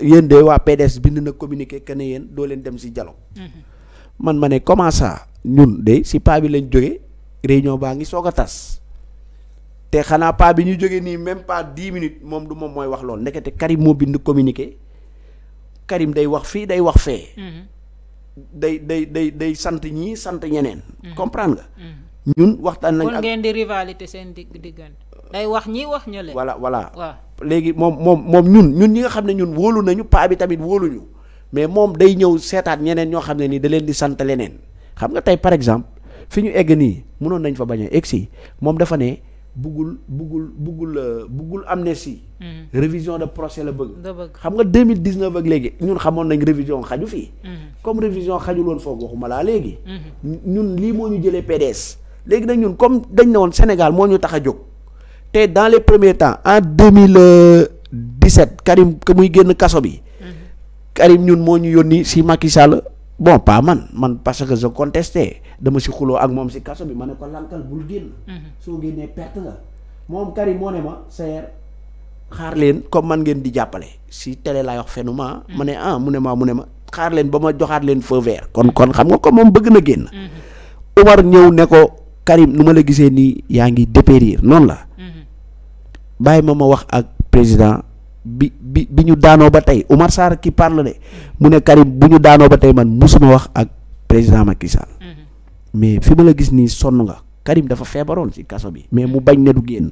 yéen de waa PDS bind na communiqué que ne doo leen dem si dialogue mm-hmm. man ma ne comment ça ñun de si paa bi lañ jógee réunion baa ngi soog a tas te xanaa paa bi ñu jógee nii même pas dix minutes moom du moom mooy wax lool ndekete Karim moo bind communiqué Karim day wax fii day wax fee. Mm-hmm. day day day day sant ñii sant ñeneen. Mm-hmm. comprendre nga. Mm-hmm. ñun waxtaan nañ ak ngeen di rivalité seen digg diggante. day wax ñii wax ñu leen. voilà voilà léegi moom moom moom ñun ñun ñi nga xam ne ñun wóolu nañu paa bi tamit wóoluñu mais moom day ñëw seetaat ñeneen ñoo xam ne nii da leen di sant leneen xam nga tey par exemple fi ñu egg nii mënoon nañ fa bañ a si moom dafa ne. buggul buggul buggul euh, buggul amnistie. Hmm. révision de procès la bëgg. xam nga deux mille dix neuf ak léegi ñun xamoon nañ révision xaju fii. Hmm. comme révision xajul woon foofu waxuma laa léegi. Hmm. ñun lii moo ñu jëlee PDS. léegi nag ñun comme dañ ne woon Sénégal moo ñu tax a jóg te dans les premiers temps en deux mille dix sept Karim que muy génn kaso bi. Karim ñun moo ñu yónni si Macky Sall bon pas man man parce que je contestais. dama si xuloo ak moom si kaso bi ma ne ko lankal bul génn. Mhm. soo génnee perte nga moom Karim moo ne ma seer xaar leen comme man ngeen di jàppale si télé laay wax fenu ma mhm. ma ne ah mu ne ma mu ne ma xaar leen ba ma joxaat leen feu kon kon xam nga ko moom bëgg na génn. Mhm. Umar ñëw ne ko Karim nu ma la gisee nii yaa ngi dépérir noon la. bàyyi ma ma wax ak président bi bi bi ñu daanoo ba tey Umar Sarr ki parle de mu ne Karim bu ñu daanoo ba tey man musuma wax mais fi ma la gis nii sonn nga Karim dafa feebaroon ci kaso bi mais mu bañ ne du génn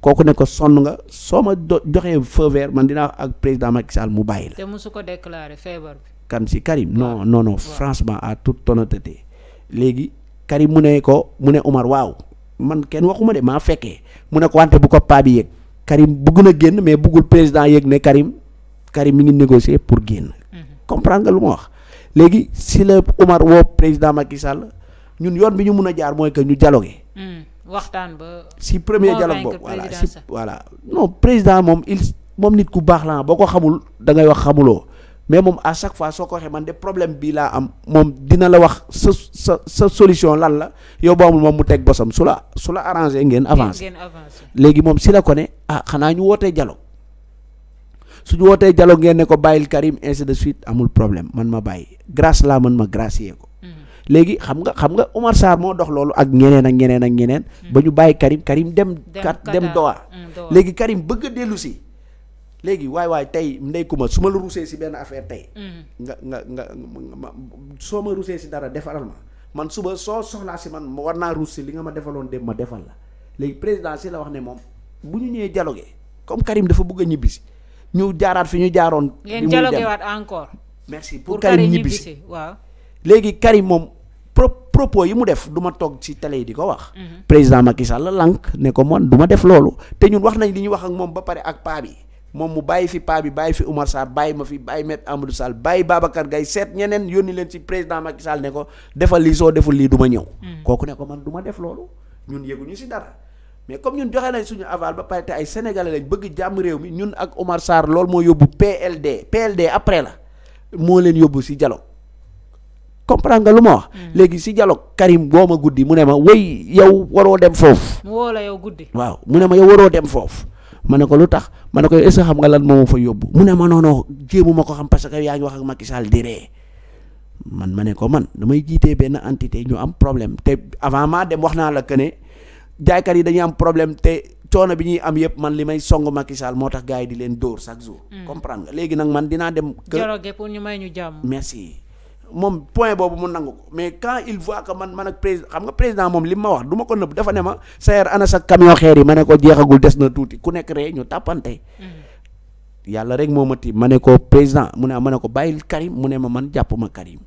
kooku ne ko sonn nga soo ma joxee feu vert man dinaa ak président Macky Sall mu bàyyi la. te musu ko déclaré feebar bi. kan si Karim non non non franchement à toute honnêteté léegi Karim mu ne ko mu ne Umar waaw man kenn waxuma de maa fekkee mu ne ko wante bu ko paa bi yëg Karim bëgg na génn mais bëggul président yëg ne Karim Karim mi ngi négocier pour génn. Mhm. comprendre nga lu ma wax léegi si la Umar woo président Macky ñun yoon bi ñu mun a jaar mooy que ñu dialogué. Hmm. waxtaan ba. si premier dialogue boobu voilà si voilà non président moom il moom nit ku baax la boo ko xamul da ngay wax xamuloo mais moom à chaque fois soo ko waxee man de problème bii laa am moom dina la wax sa sa sa solution lan la yow boo amul moom mu teg bosam su su la arrangé ngeen avancé léegi moom si la ko ne ah, xanaa ñu wootee dialogue suñu wootee dialogue ngeen ne ko bàyyil Karim ainsi de suite amul problème man ma bàyyi grâce laa man ma gracier ko léegi xam nga xam nga Omar Sarr moo dox loolu ak ñeneen ak ñeneen ak ñeneen. Hmm. ba ñu bàyyi Karim Karim dem. kat dem hmm, Doha léegi Karim bëgg a dellu si. léegi waay waaye tey ndey su ma la rusee si affaire tey. Hmm. nga nga nga soo ma rusee si dara defaral ma man suba soo soxlaa si man ma war naa ruus si li nga ma defaloon dem ma defal la léegi président si la wax ne moom bu ñu ñëwee dialogue comme Karim dafa bëgg a ñibbisi ñu jaaraat fi ñu jaaroon. ngeen dialogue waat encore. merci pour Karim ñibbisi waaw. léegi Karim moom pro propos yi mu def du ma toog ci télé yi di ko wax. Mhm. président Macky Sall lànk ne ko man du def loolu te ñun wax nañ li ñu wax ak moom ba pare ak paa bi moom mu bàyyi fi paa bi bàyyi fi Oumar Sarr bàyyi ma fi bàyyi Maître Amadou Sall bàyyi Babacar Gaye seet ñeneen yónni leen ci président Macky Sall ne ko defal lii soo deful lii du ma ñëw. Mhm. kooku ne ko man du ma def loolu ñun yëguñu ci dara. mais comme ñun joxe nañ suñu aval ba pare te ay sénégalais lañ bëgg jàmm mi ñun ak Omar moo yóbbu PLD PLD après la moo leen yóbbu ci comprendre nga lu ma wax. Mm. léegi si dialogue Karim boo ma guddi mu ne ma woy yow waroo dem foofu. mu woo la yow guddi. waaw mu ne ma yow waroo dem foofu. ma ne ko lu tax ma ne ko est-ce xam nga lan moo ma fa yóbbu mu ne ma non ma ko xam parce que yaa ngi wax ak Macky Sall man ma ne ko man damay jiite benn entité ñu am problème te avant maa dem wax naa la que ne jaaykat yi dañuy am problème te coono bi ñuy am yëpp man li may song Macky moo tax gars yi di leen dóor chaque mm. nga léegi nag man dinaa dem. dialogue ñu may ñu jàmm. moom point boobu mu nangu ko mais quand il voit que man man ak président xam nga président moom li ma wax du ko nëbb dafa ne ma sayer ana sa camion xeer yi ma ne ko jeexagul des na tuuti ku nekk ree ñu tàppante mm-hmm. yàlla rek moo ma tiim ma ne ko président mu ne ma ne ko bàyyil Karim mu ne ma man jàpp ma Karim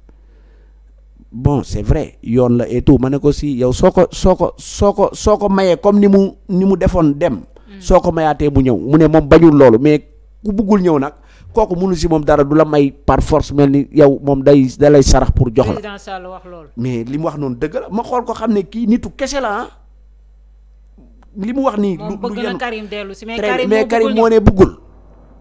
bon c'est vrai yoon la et tout ma ne ko si yow soo ko soo ko soo ko soo ko mayee comme ni mu ni mu defoon dem mm. soo ko mayaatee bu ñëw mu ne moom bañul loolu mais ku buggul ñëw nag kooku mënu si moom dara du la may par force mel ni yow moom day da lay sarax pour jox la président mais li mu wax noonu dëgg la ma xool ko xam ne kii nitu kese la ah. li mu wax nii. lu lu yem moom bëgg na Karim mais Karim moo ne buggul.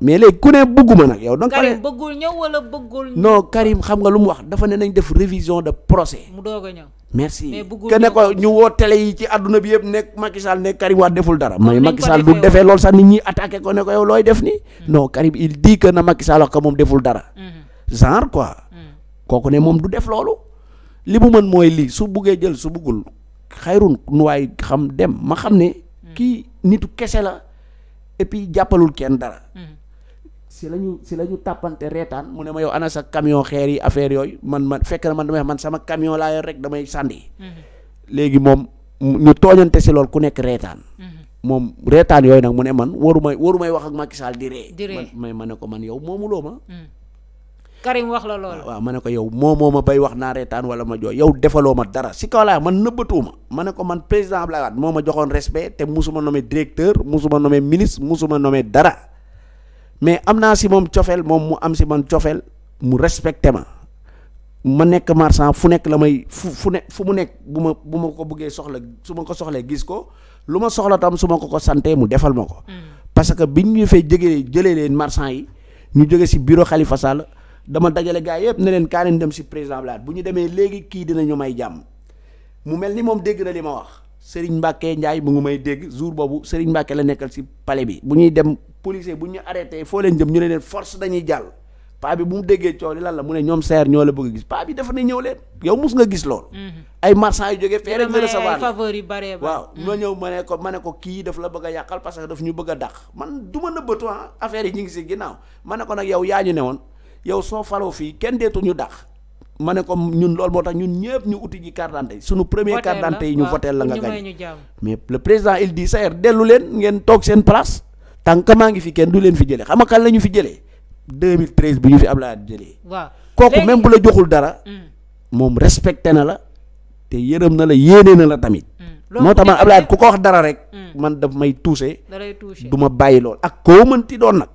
mais léegi ku ne bëgguma nag yow. donc Karim bëggul ñëw wala bëggul. non Karim xam nga lu mu wax dafa ne nañ def révision de procès. mu doog a ko ñu woo télé yi ci àdduna bi yëpp nekk Macky Sall nekk Karim Wade deful dara. mooy Macky Sall du defee lool sax nit ñi attaqué ko ne ko yow looy def ni hmm. non Karim il dit que na Macky wax ko moom deful dara. Hmm. genre quoi. Hmm. kooku ne moom du def loolu. li mu mën mooy lii su buggee jël su buggul xayrun nu waay xam dem ma xam ne. kii nitu kese la et jàppalul kenn dara. si lañu si la ñu tàppante reetaan mu ne ma yow ana sa camion xeer yi affaire yooyu man man fekk na man damay man sama camion laa yor rek damay sànni. Mm-hmm. léegi moom ñu tooñante si loolu ku nekk reetaan. Mm-hmm. moom reetaan yooyu nag mu ne man waru may waru may wax ak Macky di ree. di ree man ma ne ko man yow moomuloo ma. Mm. la loolu. ma ko yow moo moo ma bay wax naa reetaan wala ma jooy yow defaloo ma dara si kaw laa man nëbbatuuma ma ne ko man président Abdoulaye Wade moo ma joxoon respect te musuma nommé directeur musuma nommé ministre musuma nommé dara. mais am naa si moom cofeel moom mu am si man cofeel mu respecté ma ma nekk marchand fu nekk la may fu fu fu mu nekk bu ma bu ma ko buggee soxla su ma ko soxlee gis ko lu ma soxla tam su ma ko ko santee mu defal ma ko. Mm. parce que bi ñu fay jëgee jëlee leen marchand yi ñu jóge si bureau xalifa Sall dama dajale gars yëpp ne leen kaa leen dem si président Blade bu ñu demee léegi kii dinañu may jàmm mu mel ni moom dégg na li ma wax sëriñ Mbacke Ndiaye mu ngi may dégg jour boobu Serigne Mbacke la nekkal si palais bi bu ñuy dem policier bu ñu arrêté foo leen jëm ñu ne leen force dañuy jàll paa bi bu mu déggee coow li lan la mu ne ñoom seer ñoo la bëgg a gis paa bi dafa ne ñëw leen yow mus nga gis loolu mhm. ay marchand yu jógee fee rek nga waaw mhm. ma ne ko a yàqal parce que daf ñu a dàq man du ah, ma nëbbatu ko nag yow yaa ñu ne woon yow soo faloo fii kenn deetu ñu dàq ma ne ko ñun loolu moo tax ñun ñëpp ñu uti ji carte suñu premier carte yi ñu voté la nga gañ mais le président il dit seer dellu leen ngeen toog seen place tant que maa ngi fi kenn du leen fi jëlee xam nga kan la ñu fi jëlee 2013 bi ñu fi Ablaye jëlee. waaw kooku même bu la joxul dara. Hmm. moom respecté na la te yërëm na la yéene na la tamit. Hmm. moo tax man Ablaye ku ko wax dara rek. Hmm. man daf may touché. da lay du ma bàyyi lool ak koo mënti doon nag.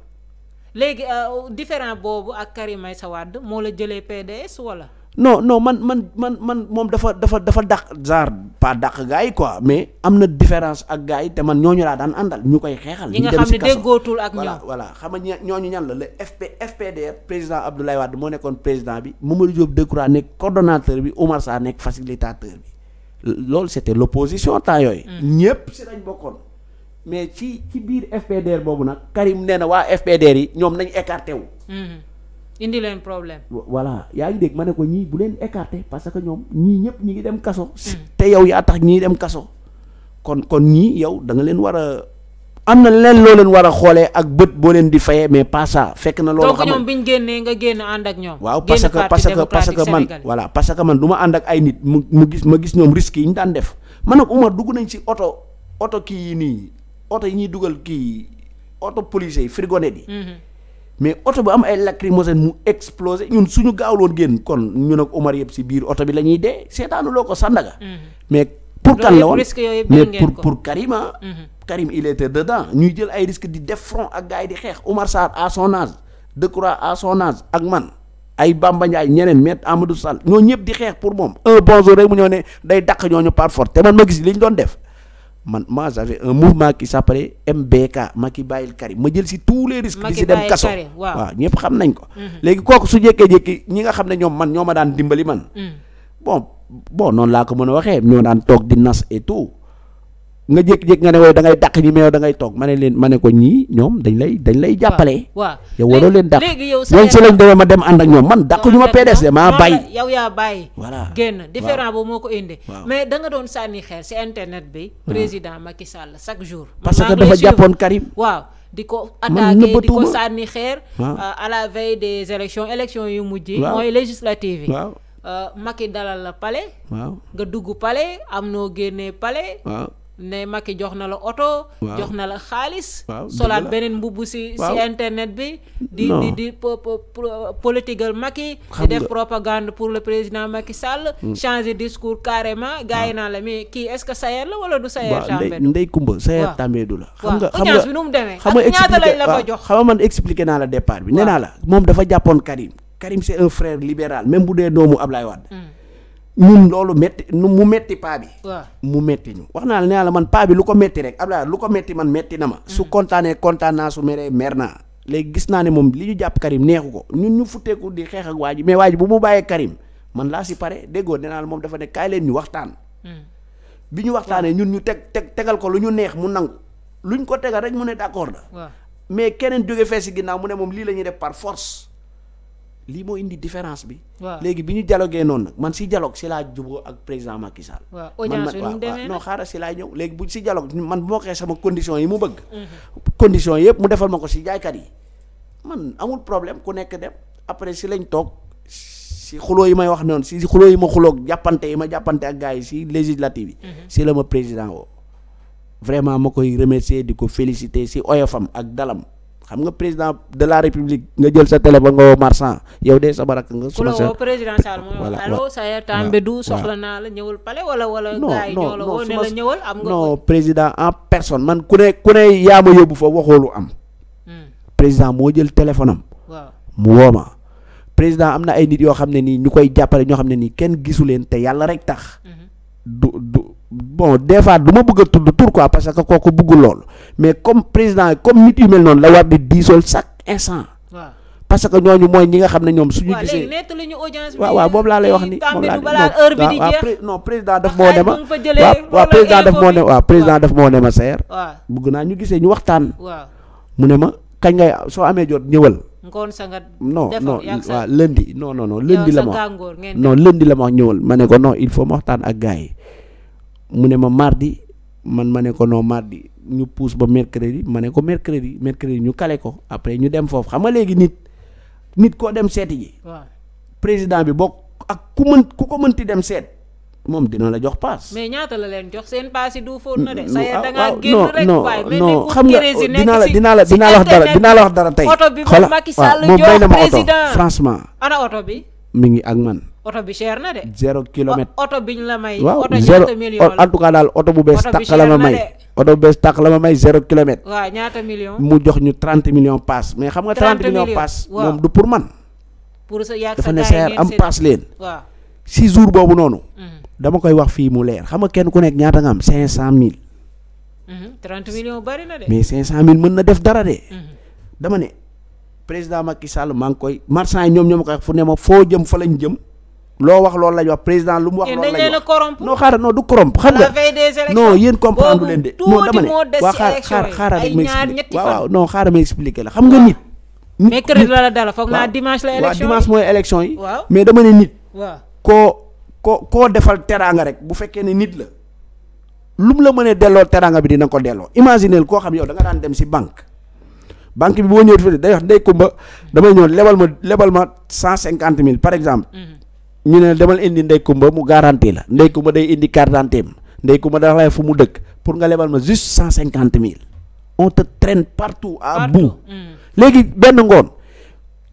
léegi euh, différent boobu ak Karim Meïssa Wade moo la jëlee PDS wala. non non man man man man moom dafa dafa dafa dàq genre pas daq gars yi quoi mais am na différence ak gars yi te man ñu laa daan àndal ñu koy xeexal. ñi nga xam ne déggootul ak ñoom voilà xam ñoo ñu ñan la le FP FPDR président Abdoulaye Wade moo nekkoon président bi Mamadou Diop Decroix nekk coordonnateur bi Oumar Sarr nekk facilitateur bi loolu c' était l' opposition temps yooyu. Mm. ñëpp si lañ bokkoon. mais ci ci biir FPDR boobu nag Karim nee na waa FPDR yi ñoom nañ écarté wu. Mm-hmm. indi leen problème. voilà yaa ngi dégg ma ne ko ñii bu leen écarté parce que ñoom ñii ñëpp ñi ngi dem kaso. Hmm. te yow yaa tax ñii dem kaso. kon kon ñii yow da nga leen war a. am na leen loo leen war a xoolee ak bët boo leen di fayee mais pas fekk na. loolu xam ñoom bi ñu génnee nga génn ànd ak ñoom. waaw parce que parce que parce que man voilà parce que man du ma ànd ak ay nit mu mu gis ma gis ñoom risques yi ñu daan def man nag Umar dugg nañ si oto oto kii yi nii oto yi ñuy dugal kii oto police yi fourgonnette yi. Mm-hmm. mais oto bu am ay lacrymogène mu explosé ñun suñu gaawloon génn kon ñu ak Omar yëpp si biir oto bi lañuy ñuy dee seetaanu loo ko Sandaga mhm. mais pour kan la woon pour pour Karima ah. mhm. Karim il de dedans ñuy jël ay risque di def front ak gars di xeex Omar Sarr à son âge à son ak man ay Bamba Ndiaye ñeneen met Amadou Sall ñoo ñëpp di xeex pour moom un bonjour rek mu ñëw ne day dàq ñooñu par force te man ma gis li ñu doon def man moi j'avais un ki sa s'appelait MBK ki bàyyil Karim ma jël si tous les risques di si dem kaso waaw ñëpp xam nañ ko mhm. léegi kooku su jékkee-jékki ñi nga xam ne ñoom man ñoo ma daan dimbali man mhm. bon bon noonu laa ko mën a waxee ñoo daan toog di nas et nga jékki-jékki nga ne wooy da ngay dàq ñi mais da ngay toog ma ne leen ma ne ko ñii ñoom dañ lay dañ lay jàppale waaw yow waroo leen dàq ñooñ si lañ demee ma dem ànd ak ñoom man dàq ñu ma PDS de maa bàyyi yow yaa bàyyi voilà génn différent boobu moo ko indi mais da doon sànni xeer si internet bi hmm. président Macky Sall chaque jour que dafa jàppoon Karim waaw di ko attaqué di ko sànni xeer euh, à la veille des élections élections yu mujj mooy législative yi waaw euh, Macky dalal la pale waaw nga dugg palais am noo génnee pale ne Macky jox na la oto. jox na la xaalis. solaat beneen mbubb si si internet bi. di di di politigal Macky. di def propagande pour le président Macky Sall. Hmm. changer discours carrément ah. gars yi naa la mais kii est-ce que Sayer la wala du Sayer. Tambédou waaw ndey Kumba Sayer la. xam nga xam nga bi nu mu demee. ak ñaata lañ la xam nga man expliqué naa la départ bi. nee naa la moom dafa jàppoon Karim. Karim c'est un frère libéral même bu dee doomu lay Wade. Hmm. ñun loolu métti mu métti paa bi. mu métti ñu wax naa ne la man paa bi lu ko métti rek Abdoulaye lu ko métti man métti na ma. su mm. kontaanee kontaan naa su meree mer naa. léegi gis naa ne moom li ñu jàpp Karim neexu ko ñun ñu futteeku di xeex ak waa mais waa ji mu bàyyee Karim man laa si pare déggoo nee naa la moom dafa ne kaay leen ñu waxtaan. Mm. bi ñu waxtaanee ñun ñu teg teg tegal ko lu ñu neex mu nangu ñu ko tegal rek mu ne d'accord na. mais keneen jóge fee ginnaaw mu ne moom lii la ñuy def par force. lii moo indi différence bi. waaw léegi bi ñu dialogué noonu nag man si dialogue si laa juboo ak président Macky Sall. waaw audience bi nu demee non xaaral si laa ñëw léegi bu si dialogue man bu ma waxee sama condition yi mu bëgg. Mhm. condition yëpp mu defal ma ko si jaaykat yi man amul problème ku nekk dem après si lañ toog si xuloo yi may wax noonu si xuloo yi ma xuloog jàppante yi ma jàppante ak gars yi si législative yi. Mhm. si la ma président woo. vraiment ma koy remercier di ko féliciter si oyofam ak dalam. xam nga président de la république nga jël sa téléphone nga woo marchand yow de sa barak nga. su ma seet président Sall mooy wax allo Sayer Tambédou soxla naa la ñëwal pale wala wala. gars yi ñoo la woo ne président en personne man ku ne ku ne yaa ma yóbbu fa waxoolu am. Hmm. président moo jël téléphone am. mu wooma président am na ay nit yoo xam ne nii ñu koy jàppale ñoo xam ne nii kenn gisuleen te yàlla rek tax. Hmm. bon des fois du ma bëgg a tudd tur parce que kooku bëggul loolu mais comme président comme nit yu mel noonu la war di diisool chaque instant. parce que ñooñu mooy ñi nga xam ne ñoom su gisee waaw léegi nettali ñu audience bi. waaw moom laa lay wax ni président daf ah, moo ne ma. waaw waaw président daf moo ne président daf moo ne ma seer. bugg naa ñu gisee ñu waxtaan. waaw mu ne ma kañ ngay soo amee jot ñëwal. ngoon sa nga non non waaw lundi non non non la ma wax non lundi la ma wax ñëwal ma ne ko non il faut ma waxtaan ak gars yi mu ne ma mardi man ma ne ko non mardi ñu pousse ba mercredi ma ne ko mercredi mercredi ñu kale ko après ñu dem foofu xam nga léegi nit nit koo dem seeti ji. waaw président bi bokk ak ku mën ku ko mënti dem seet. moom dina la jox paas. mais ñaata la leen jox seen paas yi du fóon na de. Ah, xam nga dinaa la dinaa la dinaa la wax dara dinaa la wax dara tey. oto bi moom Macky Sall jox moom na ma oto franchement. ana oto bi. mi ngi ak man. oto bi cher na de. zéro kilomètre oto biñ la may. waaw zéro en tout daal oto bu bees tàq la ma may. oto bu bees tàq la ma may zéro kilomètre. waaw mu jox ñu trente millions paas mais xam nga. trente millions paas moom du pour man. pour sa yàgg dafa ne seer am paas leen. waaw si jour boobu noonu. Mm-hmm. koy wax fii mu leer xam nga kenn ku nekk ñaata nga am cinq cent mille. Mm-hmm. trente millions bari na de. mais cinq cent mille mën na def dara de. Mm-hmm. dama ne président Macky Sall maa ngi koy marchand yi ñoom ñoo ma koy wax fu ne ma foo jëm fa lañ jëm. loo wax loolu lañ wax président lu mu wax loolu lañ wax non xaaral non du corrompre xam nga non yéen comprendre leen de non ma expliqué waaw waaw non xaaral ma expliqué la xam nga nit mercredi la dala foog naa dimanche la élection dimanche mooy élection yi mais dama ne nit koo koo koo defal teraanga rek bu fekkee ne nit la lu mu la mënee delloo teraanga bi dina ko delloo imagineel koo xam yow da nga daan dem si banque banque bi boo ñëwee fii day wax ndey kumba damay ñëw lebal ma lebal ma cent cinquante mille par exemple mm-hmm. ñu ne demal indi Ndeye Comba mu garanti la Ndeye Comba day indi carte d'identité am Ndeye Comba lay fu mu dëkk pour nga lebal ma juste cent cinquante mille on te traîne partout à mm. léegi benn ngoon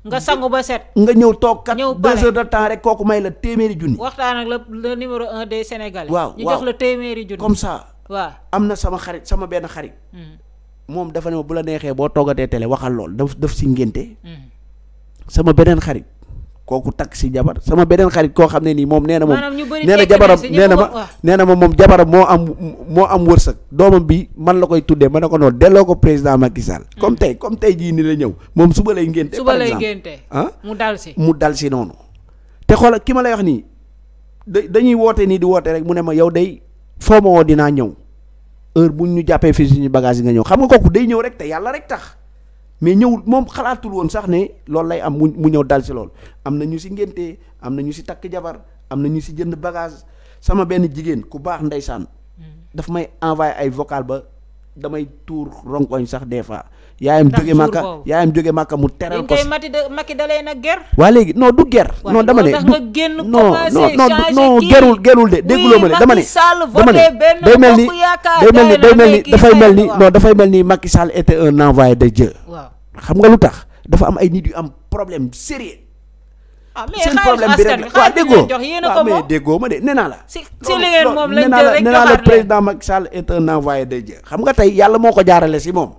nga sangu ba set. nga ñëw toog kat deux heures temps rek kooku may la téeméeri junni. waxtaan la le numéro un des sénégalais. waaw waaw comme ça. am na sama xarit sama benn xarit. Mm. moom dafa ne ma bu la neexee boo toogatee télé waxal lool daf def si ngénte. Mm. sama beneen xarit kooku takk si jabar sama beneen xarit koo xam ne nii moom nee na moom nee na jabaram nee na ma nee na ma moom jabaram moo am moo am wërsëg doomam bi man la koy tuddee ma ne ko noonu delloo ko président Macky Sall mm. comme tey comme tey jii ni la ñëw moom suba lay ngénte suba lay ngénte ah mu dal si mu dal si noonu te xoolal ki ma lay wax nii da dañuy woote nii di woote rek mu ne ma yow day foo ma woo dinaa ñëw heure bu ñu jàppee fii suñu bagage yi nga ñëw xam nga kooku day ñëw rek te yàlla rek tax mais ñëwul moom xalaatul woon sax ne loolu lay am mu ñëw dal si lool am na ñu si ngénte am na ñu si takk jabar am na ñu si jënd bagage sama benn jigéen ku baax ndeysaan mm. daf may envoyé ay vocal ba damay tuur ronkoñ sax des fois yaayam jóge màkka yaayam jóge màkka mu teral ko Macky da leen a ger waa léegi non du ger non dama ne non non de dégguloo ma ne dama ne dama ne day mel ni day mel ni dafay mel ni non dafay mel ni Macky Sall était un envoyé de Dieu xam nga lu tax dafa am ay nit yu am problème sérieux ah, seen problème bi rek waaw déggoo waaw ah, mais déggoo ma de nee naa la nee naa la nee naa la président Macky Sall est un de Dieu xam nga tey yàlla moo ko jaarale si moom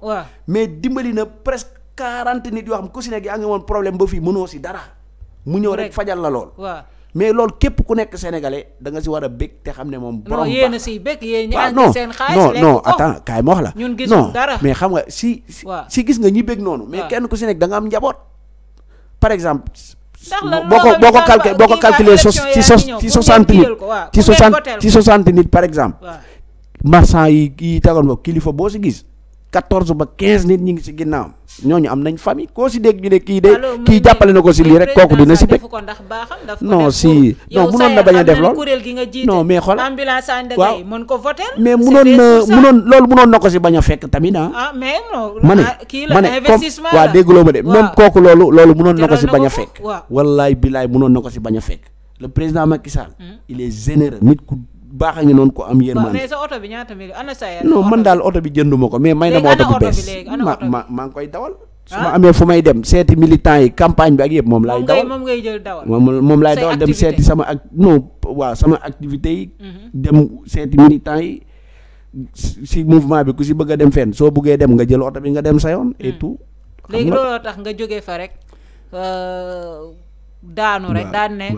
mais dimbali na presque quarante nit yoo xam ku si nekk yaa ngi woon problème ba fii mënoo si dara mu ñëw rek fajal la lool mais loolu képp ku nekk sénégalais da nga si war a bég te xam ne moom. borom baax yéen a siy bég yéen ñi andi seen xaalis non non attends kaay ma wax la. ñun gisul dara mais xam nga si. si gis nga ñi bég noonu. mais kenn ku si nekk da nga am njaboot. par exemple. boo ko boo ko calculé boo ko calculé ci ci soixante nit ci soixante ci soixante nit par exemple. marchand yi yi tagoon ko kilifa boo si gis. quatorze ba quinze nit ñi ngi ci ginnaawam ñooñu am nañ famille koo ci dégg ñu ne kii de kii jàppale na ko ci lii rek kooku dina ci bëgg non si non munoon na bañ a def lool non mais xool waaw mais munoon na munoon loolu munoon na ko ci bañ a fekk tamit ah, ah ma ne ah, ma ne comme waaw dégguloo ma de même kooku loolu loolu munoon na ko si bañ a fekk wallaay bilaay munoon na ko ci bañ a fekk le président Macky hmm. il est généreux nit ku baax a ngi noonu ko am yéen man mais sa oto bi ñaata mil ana sa man daal oto bi jënduma ko mais may na ma oto bu bees ma ma maa ngi koy dawal su ma ah? amee fu may dem seeti militant yi campagne bi ak yëpp moom laay dawal moom ngay jël dawal moom laay dawal dem seeti sama ak no waaw sama activité yi mhm. dem seeti militant yi si mouvement bi ku si bëgg a dem fenn soo bëggee dem nga jël oto bi nga dem sa yoon et mm. léegi looloo tax nga jógee fa rek euh, daanu rek daan ne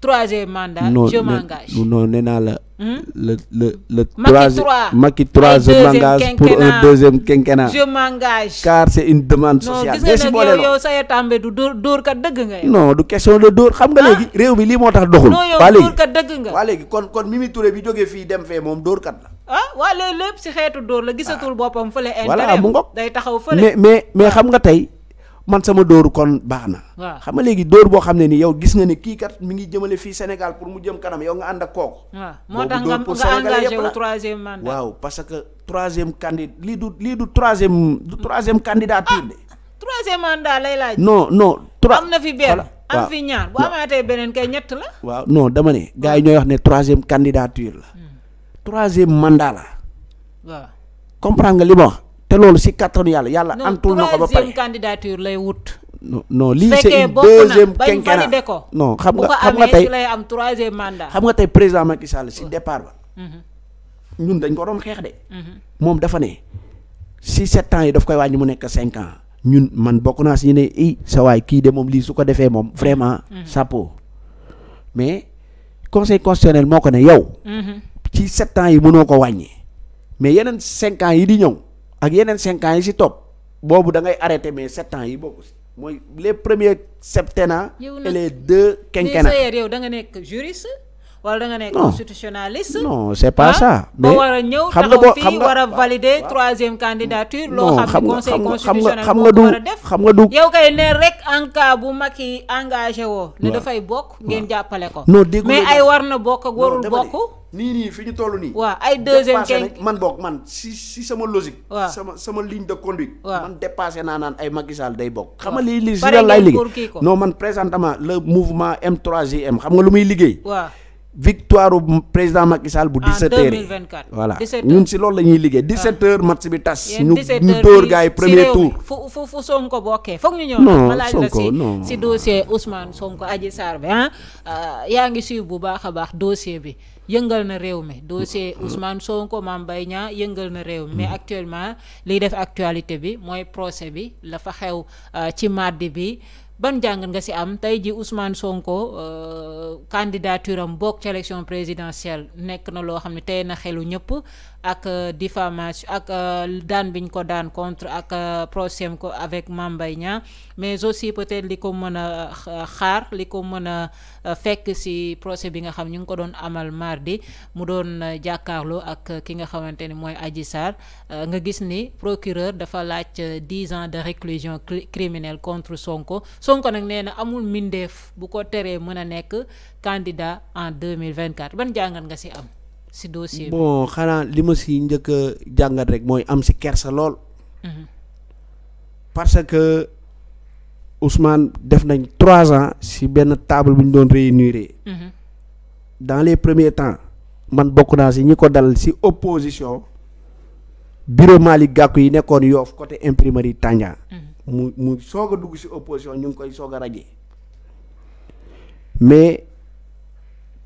troisième mandat je m'engage non naa la. Hmm? le le le troisième Macky trois je m'engage pour deuxième quinquennat je c'est une demande sociale. des si boole non gis nga nag yow yow Sayo Tambe du dóor dóor kat dëgg nga yow. du question de door xam nga ah. léegi. réew mi lii moo tax doxul. non yow nga waa léegi kon kon mi Mimi ture bi jógee fii dem fee moom dóor kat la. Ah, waa loolu lépp si xeetu door la ah. gisatul boppam fële. intérêt voilà mu ngoog day taxaw fële. mais mais xam nga tey. man sama dóoru kon baax na. xam nga léegi dóor boo xam ne ni yow gis nga ni kii kat mu ngi jëmale fii Sénégal pour mu jëm kanam yow nga ànd ak kooku. waaw moo tax nga parce que troisième candidat lii du lii du troisième troisième candidature de. Ah, troisième mandat lay laaj. non non. trois am na fi benn am fi ñaar bu amaatee beneen kay ñett la. waaw non dama ne gars yi ñooy wax ne troisième candidature la. Hmm. troisième mandat la. waaw comprendre nga li ma te loolu si kattanu yàlla yàlla antul na ko ba pare troisième candidature lay wut. non lii c'est une deuxième quinquennat non xam nga xam nga tey lay am troisième mandat xam nga tey président Macky Sall si départ ba mhm. ñun dañ ko doon xeex de mhm. moom dafa ne si sept ans yi daf koy wàññi mu nekk cinq ans ñun man bokk naa si ñu ne i sa waay kii de moom lii su ko defee moom vraiment mhm. chapeau mais conseil constitutionnel moo ko ne yow ci sept ans yi mënoo ko wàññi mais yeneen cinq ans yi di ñëw ak yeneen cinq ans yi si topp boobu da ngay arrêté mais sept ans yi boobu si mooy les premiers septennats et les deux quinquennats yow da nekk juriste wala da nga nekk constitutionnaliste. non c'est pas ah, ça. mais xam nga boo xam nga war a valider troisième candidature. loo xam ne conseil constitutionnel xam nga du xam nga du. yow kay ne rek en cas bu mag yi engage woo. ne dafay bokk ngeen jàppale ko. non mais ay war na bokk ak warul bokk. nii fi ñu toll nii. waaw ay deuxième man boog man si si sama logique. sama sama ligne de conduite. man dépassé naa naan ay Macky day bokk. xam nga lii lii si lay liggéey non man présentement le mouvement m xam nga lu muy liggéey. waaw victoire président Macky Sall bu 17 heures yi voilà ñun si loolu la ñuy liggéey 17 ah. heures match bi tas. ñu ñu dóor gars yi premier tour. fu fu fu Sonko bokkee foog ñu ñëw. non Sonko non si dossier Ousmane Sonko Adji saar bi ah. Euh, yaa ngi suivre bu baax a baax dossier bi yëngal na réew mi dossier Ousmane Sonko Mame Mbaye Niang yëngal na réew mi mais actuellement liy def actualité bi mooy procès bi la fa xew euh, ci mardi bi. ban jàngat nga si am tey ji Ousmane Sonko euh, candidature am bokk ci élection présidentielle nekk na loo xam ne tey na xelu ñëpp ak euh, diffamation ak euh, daan biñ ko daan contre ak euh, procès ko avec Mame Mbaye Niang mais aussi peut-être li ko mën a xaar li ko mën a fekk ci procès bi nga xam ñu ngi ko doon amal mardi mu doon jàkkaarloo ak ki nga xamante ni mooy Adji Sarr nga gis ni procureur dafa laaj dix ans de réclusion criminelle contre Sonko Sonko nag nee na amul mbindeef bu ko teree mën a nekk candidat en 2024 ban jàngat nga si am si bon xanaa li ma si njëkk a jàngat rek mooy am si kersa lool. Mhm. parce que Ousmane def nañ trois ans si benn table bu ñu doon réunir. Mhm. dans les premier temps man bokk naa si ñi ko dal si opposition bureau Malick Gakou yi nekkoon Yoff côté imprimerie Tanja. Mhm. mu mu soog a dugg si opposition ñu ngi koy soog a rajee mais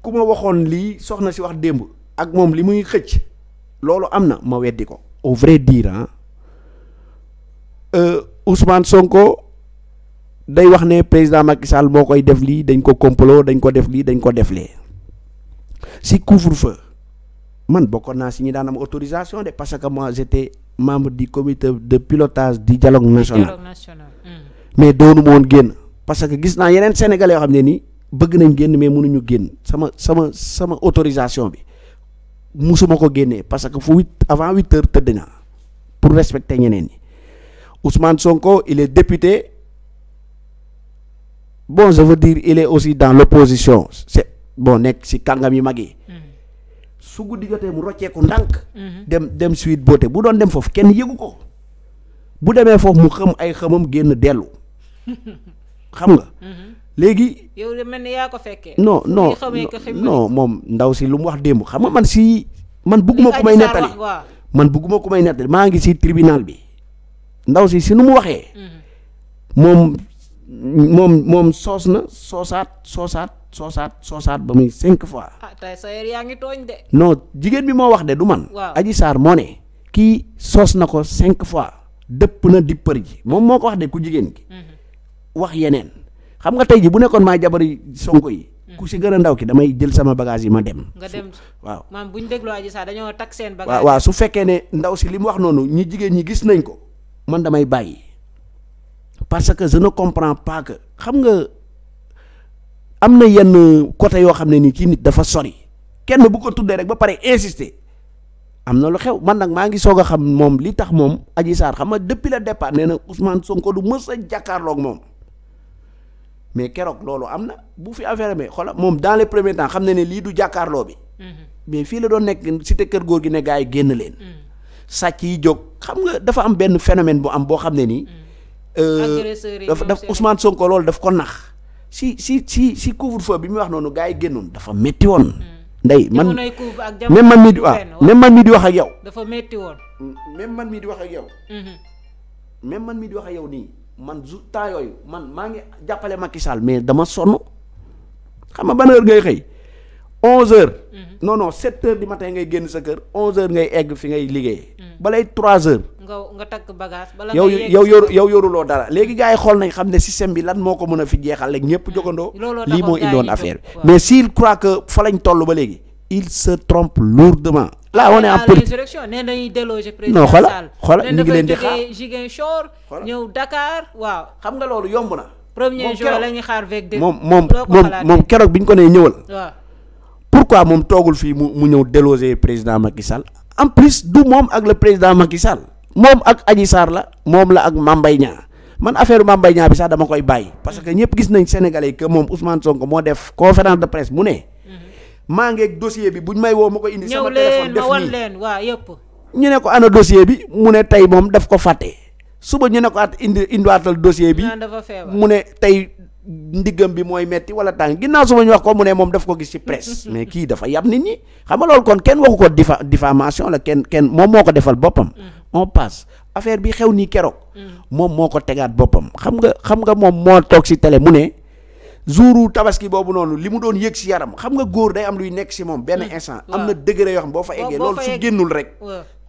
ku ma waxoon lii soxna si wax démb. ak moom li muy xëcc loolu am na ma weddi ko au vrai dire ah Ousmane Sonko day wax ne président Macky Sall moo koy def lii dañ ko complot dañ ko def lii dañ ko deflee si couvre-feu man bokkoon naa si ñi daan am autorisation de parce que moi j'étais membre du comité de pilotage du dialogue national, dialogue national. Mm. mais doonu ma woon génn parce que gis naa yeneen sénégalais yoo xam ne nii bëgg nañ génn mais mënuñu génn sama sama sama autorisation bi musuma ko génnee parce que fu huit avant huit heures tëdd na pour respecter ñeneen ñi Ousmane Sonko il est député bon je dire il est aussi dans l'opposition c'est bon nekk ci kàngam yi mag yi mm-hmm. su guddi jotee mu rocceeku ndànk mm-hmm. dem dem suite boote bu doon dem foofu kenn yëgu ko bu demee foofu mu xam ay xamam génn dellu xam nga mm-hmm. léegi. yow de mel ni yaa ko fekkee. non non moom ndaw si lu mu wax démb xam nga man si. man bugguma ku may nettali man bugguma ku may nettali maa ngi si tribinal bi ndaw si si nu mu waxee. Mm-hmm. moom moom moom soos na soosaat soosaat soosaat soosaat ba muy cinq fois. ah sa yër yaa ngi tooñ de. jigéen bi moo wax de du man. aji Sarr moo ne. kii soos na ko cinq fois dëpp na di për ji moom moo ko wax de ku jigéen gi. Mm-hmm. wax yeneen. xam nga tey ji bu nekkoon maay jabari sonko yi hmm. ku si gën a ndaw ki damay jël sama bagage yi ma dem nga dem waaw maam bu ñu dégloo aji sax dañoo takk seen bagage waaw waaw su fekkee ne ndaw si li mu wax noonu ñi jigéen ñi gis nañ ko man damay bàyyi parce que je ne comprends pas xam nga am na yenn côté yoo xam ne nii kii nit dafa sori kenn bu ko tuddee rek ba pare insister am na lu xew man nag maa ngi soog a xam moom li tax moom aji saar xam nga depuis le départ nee na Ousmane Sonko lu mës a jàkkaarloog moom mais keroog loolu am na bu fi affaire amee xoola moom dans les premiers temps xam na ne lii du jàkkaarloo bi. Mhm. mais fii la doon nekk si cité kër góor gi ne gars yi génn leen. Mhm. sàcc yi jóg xam nga dafa am benn phénomène bu am boo xam ne nii. Mhm. Euh, agresseurs dafa daf Ousmane Sonko loolu daf ko nax. si si si si couvre-feu bi muy wax noonu gars yi génnoon dafa métti woon. ndey man même man mii di waaw même man mii di wax ak yow. dafa métti woon. même man mii di wax ak yow. même man mii di wax ak yow nii. man jour temps yooyu man maa ngi jàppale Macky Sall mais dama sonn xam nga ban heure ngay xëy 11h. Mhm. non non 7h du matin ngay génn sa kër 11h ngay egg fi ngay liggéey. Mhm. balay 3h. nga nga takk bagage bala yow yow yoru yow yoruloo dara léegi gars yi xool nañ xam ne système bi lan moo ko mën a fi jeexal rek ñëpp mhm. jogandoo. lii moo indoon affaire bi mais s'il croit que fa lañ toll ba léegi. il se trompe lourdement. là on est en politique nee nañu déloger président Sall. non xoolal xoolal ñu ngi leen di xaar Ziguinchor ñëw Dakar waaw. xam nga loolu yomb na. premier jour xaar veeg moom moom moom moom keroog bi ñu ko nee ñëwal. waaw pourquoi moom toogul fii mu mu ñëw déloger président Macky Sall. en plus du moom ak la président Macky Sall. moom ak Adji Sarr la. moom la ak Mame Mbaye Niang man affaire Mame bi sax dama koy bàyyi. parce que ñëpp gis nañ Sénégalais que moom Ousmane Sonko moo def conférence de presse mu ne. maa ngeeg dossier bi buñ may woo ma ko indi sama téléphone def nii waa yëpp ñu ne ko ana dossier bi mu ne tey moom daf ko fàtte suba ñu ne ko at indi indiwaatal dossier bi mu ne tey ndiggam bi mooy metti wala tàng ginnaaw suba ñu wax ko mu ne moom daf ko gis ci presse mais kii dafa yab nit ñi xam nga loolu kon kenn waxu ko difa diffamation la kenn kenn moom moo ko defal boppam mm. on passe affaire bi xew nii keroog mm. moom moo ko tegaat boppam xam nga xam nga moom moo toog si télé mu ne jour wu tabaski boobu noonu li mu doon yëg si yaram xam nga góor day am luy nekk si moom benn mm. instant am na degré yoo xam boo fa eggee loolu su génnul rek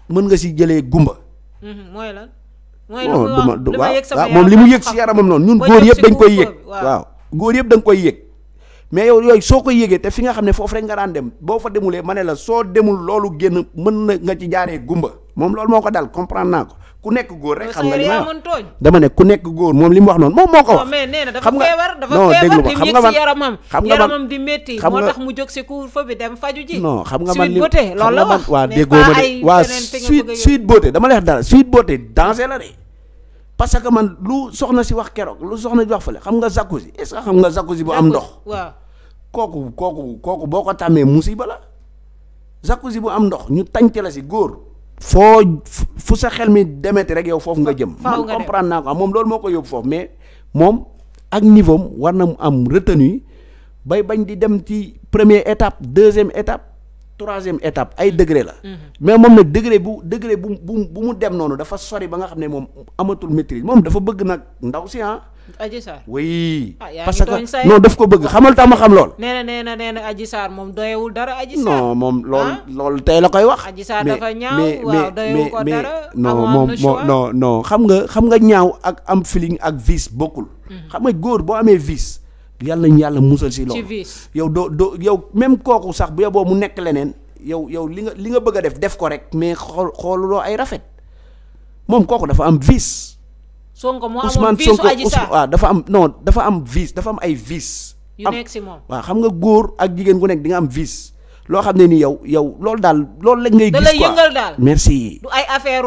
mën nga si jëlee gumba mm-hmm. mooy lan mooy du ma waaw moom li mu yëg si yaramam noonu ñun góor yëpp dañ koy yëg waaw góor yëpp dañ koy yëg mais yow yooyu soo koy yëgee te fi nga xam ne foofu rek nga daan dem boo fa demulee ma ne la soo demul loolu génn mën na nga ci jaaree gumba moom loolu moo ko dal comprendre naa ko ku nekk góor rek xam nga li ma wax dama ne ku nekk góor moom li mu wax noonu moom moo ko wax. mais nee na dafa feebar dafa feebar di métti si yaramam xam nga yaramam di métti moo tax mu jóg si couvre-feu bi dem faju ji non xam nga man li beauté loolu la wax waa déggoo ma de waa suite suite beauté dama lay wax dara suite beauté danger la de parce que man lu soxna si wax keroog lu soxna si wax fële xam nga jacuzzi est-ce que xam nga jacuzzi bu am ndox waaw kooku kooku kooku boo ko tàmmee musiba la jacuzzi bu am ndox ñu tànc la si góor foo fu sa xel mi demeti rek yow foofu nga jëm man comprendre naa ko moom loolu moo ko yóbbu foofu mais moom ak niveau war na mu am retenu bay bañ di dem ci première étape deuxième étape troisième étape ay degré la. Mhm. mais moom nag degré bu degré bu bu bu mu dem noonu dafa sori ba nga xam ne moom amatul maîtrise moom dafa bëgg nag ndaw si ah. Adji Sarr oui. Ah, parce que non daf ko bëgg xamal tax ma xam lool. nee na nee na nee na Adji Sarr moom doyewul dara. Adji Sarr moom loolu ah? loolu tey la koy wax. Adji Sarr dafa ñaaw waaw doyewu ko dara. non moom non non xam nga xam nga ñaaw ak am feeling ak vise bokkul. Mhm. xam nga góor boo amee vice. yàlla ñu yàlla musal si loolu yow doo doo yow même kooku sax bu yeboo mu nekk leneen yow yow li nga li nga bëgg a def def ko rek mais xool xooluloo ay rafet moom kooku dafa am vice. Sonko moo amoon vice Ousmane Sonko dafa am non dafa am vice dafa am ay vice. yu nekk si moom waaw xam nga góor ak jigéen ku nekk di nga am vice. loo xam ne ni yow yow loolu daal loolu la ngay. gis quoi merci. du ay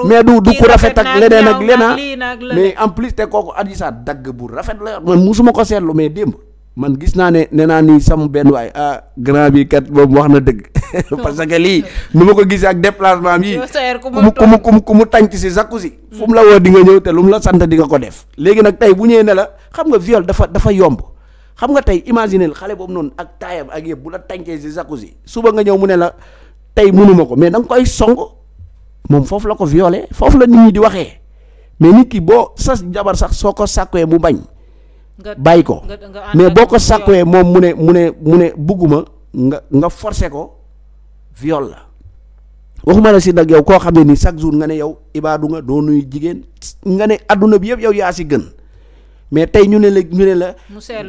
mais du du rafet ak leneen ak leneen mais en plus te kooku Adji Sarr dagg bu rafet la man ma ko seetlu mais démb. man gis naa ne nee naa ni sama benn waay ah grand bii kat boobu wax na dëgg parce que lii nu ma ko gis ak déplacement am yi ku mu ku mu ku mu ku mu tànc si sakku si fu mu la mm. woo di nga ñëw te lu mu la sant di nga ko def léegi nag tey bu ñëwee ne la xam nga viol dafa dafa yomb xam nga tey imaginer xale boobu noonu ak taayam ak yëpp bu la tàncee si sakku si suba nga ñëw mu ne la tey mënuma ko mais da nga koy song moom foofu la ko viole foofu la nit ñi di waxee mais nit ki boo sas jabar sax soo ko sàkkee mu bañ bàyyi ko mais boo ko sàkkowee moom mu ne mu ne mu ne bugguma nga nga forcer ko viol la waxuma la si nag yow koo xam ne ni chaque jour nga ne yow ibaadu nga doo nuyu jigéen nga ne adduna bi yëpp yow yaa si gën mais tey ñu ne la ñu ne la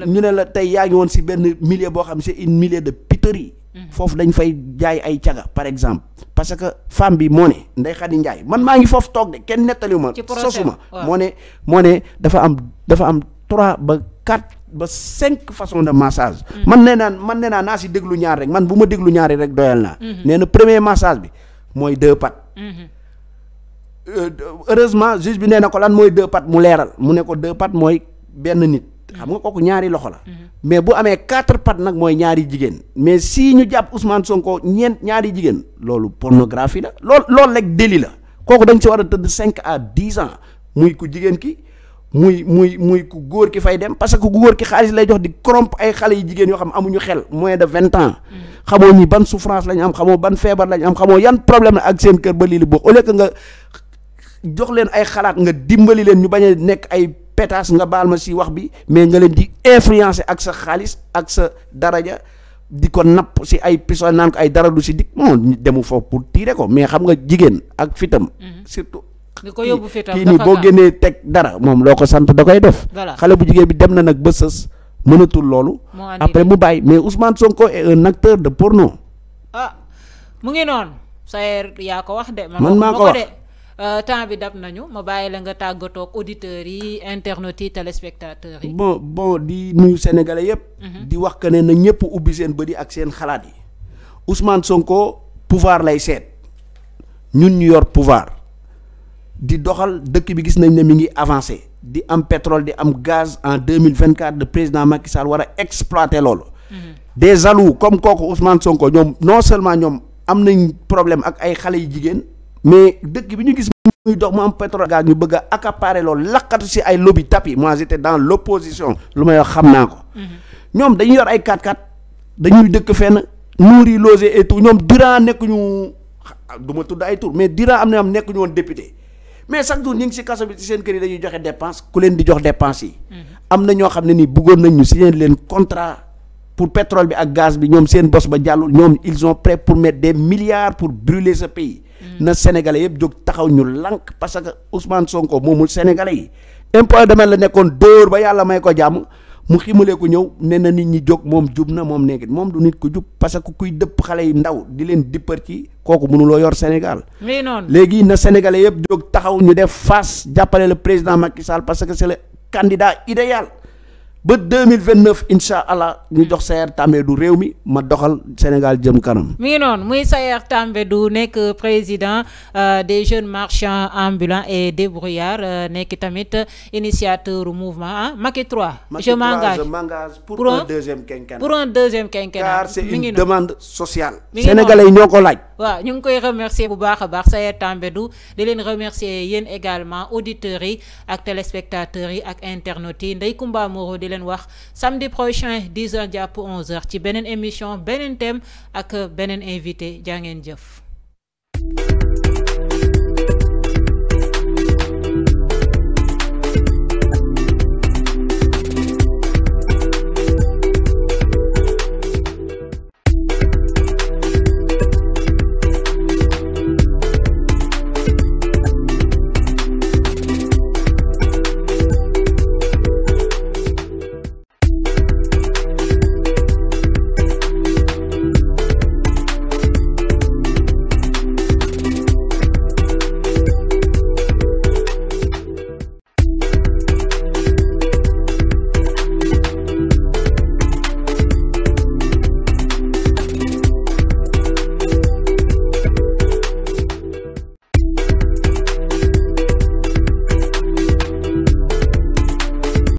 ñu ne la tey yaa ngi woon si benn milieu boo xam c'est une milieu de pitorie mhm. foofu dañ fay jaay ay caga par exemple parce que femme bi moo ne Ndeye Khady Ndiaye man maa ngi foofu toog de kenn nettaliwu ma sosuma moo ne moo ne dafa am dafa am trois ba quatre ba cinq façon de massage. man nee naan man nee naa naa si déglu ñaar rek man bu ma déglu ñaari rek doyal naa. Mhm. nee na premier massage bi mooy deux pattes. Mhm. Euh, heureusement juge bi nee na ko lan mooy deux pattes mu leeral mu ne ko deux pattes mooy benn nit. Mhm. xam nga kooku ñaari loxo la. mais bu amee quatre pattes nag mooy ñaari jigéen. mais si ñu jàpp Ousmane Sonko ñeent ñaari jigéen loolu pornographie la lool loolu rek délit la kooku dañ si war a tëdd cinq à dix ans muy jigéen ki. muy muy muy ku góor ki fay dem parce que ku góor ki xaalis lay jox di corrompre ay xale yu jigéen yoo xam amuñu xel moins de vingt ans mm. xamoo ñi ban souffrance lañ am xamoo ban feebar lañ am xamoo yan problème la ak seen kër ba lii li bokk au lieu nga jox leen ay xalaat nga dimbali leen ñu bañ a nekk ay pétas nga baal ma si wax bi mais nga leen di influencer ak sa xaalis ak sa daraja di ko napp si ay pison naan ko ay dara du si dik bon demu foofu pour ko mais xam nga jigéen ak fitam mm. li ko yóbbu fi tam kii nii boo génnee teg dara moom loo ko sant da koy def. xale bu jigéen bi dem na nag ba sës mënatul loolu. après mu bàyyi mais Ousmane Sonko est un acteur de porno. Ah, mu ngi noonu. Sayer yaa ko wax de. man maa euh, temps bi dab nañu ma bàyyi la nga tàggatoo auditeurs yi internautes yi téléspectateurs yi. bon bon di nuyu sénégalais yépp mhm. di wax que ne na ñëpp ubbi seen bët ak seen xalaat yi Ousmane Sonko pouvoir lay seet ñun ñu pouvoir. di doxal dëkk bi gis nañ ne mu ngi avancé di am pétrole di am gaz en deux mille vingt quatre de président Macky Sall war a exploiter loolu. Mhm. des jaloux comme kooku Ousmane Sonko ñoom non seulement ñoom am nañ problème ak ay xale yu jigéen mais dëkk bi ñu gis muy dox mu am pétrole gaz ñu bëgg a accaparer loolu laqatu si ay lobby tapi moi j'étais dans l'opposition lu may xam naa ko. Mhm. ñoom dañuy yor ay 4x4 dañuy dëkk fenn nourri loger et tout ñoom durant nekk ñ ma tudd ay tur mais durant am na am nekk ñu woon député. mais chaque jour ñu ngi ci kaso bi ci seen kër yi dañuy joxe dépense ku leen di jox dépense yi. am na ñoo xam ne nii bëggoon nañ ñu signé leen contrat pour pétrole bi ak gaz bi ñoom seen bos ba jàllul ñoom ils sont prêts pour mettre des milliards pour brûler ce pays. na sénégalais yëpp jóg taxaw ñu lànk parce que Ousmane Sonko moomul sénégalais yi impôt domaine la nekkoon dóor ba yàlla may ko jàmm. mu ximalee ko ñëw nee na nit ñi jóg moom jub na moom nekk moom du nit ku jub parce que kuy dëpp xale yi ndaw di leen dippar ci kooku mënuloo yor Sénégal. mais noonu léegi na sénégalais yëpp jóg taxaw ñu def face jàppale la président Macky Sall parce que c'est le candidat idéal. ba deux mille vingt neuf incha allah ñu jox Sayer du réew mi ma doxal Sénégal jëm kanam. mi ngi noonu muy Sayer du nekk président euh, des jeunes marchands ambulants et des débrouillards euh, nekk tamit initiateur mouvement ah Macky 3. je m'engage pour un deuxième quinquennat. pour un deuxième quinquennat car c'est une demande sociale. sénégalais ñoo ko laaj. waaw ñu ngi koy remercier bu baax a baax Sayer Tambédou di leen remercier yéen également auditeurs yi ak téléspectateurs yi ak internet yi Ndeye Comba Moreau di leen wax samedi prochain 10h jàpp 11h ci beneen émission beneen thème ak beneen invité jaa ngeen jëf.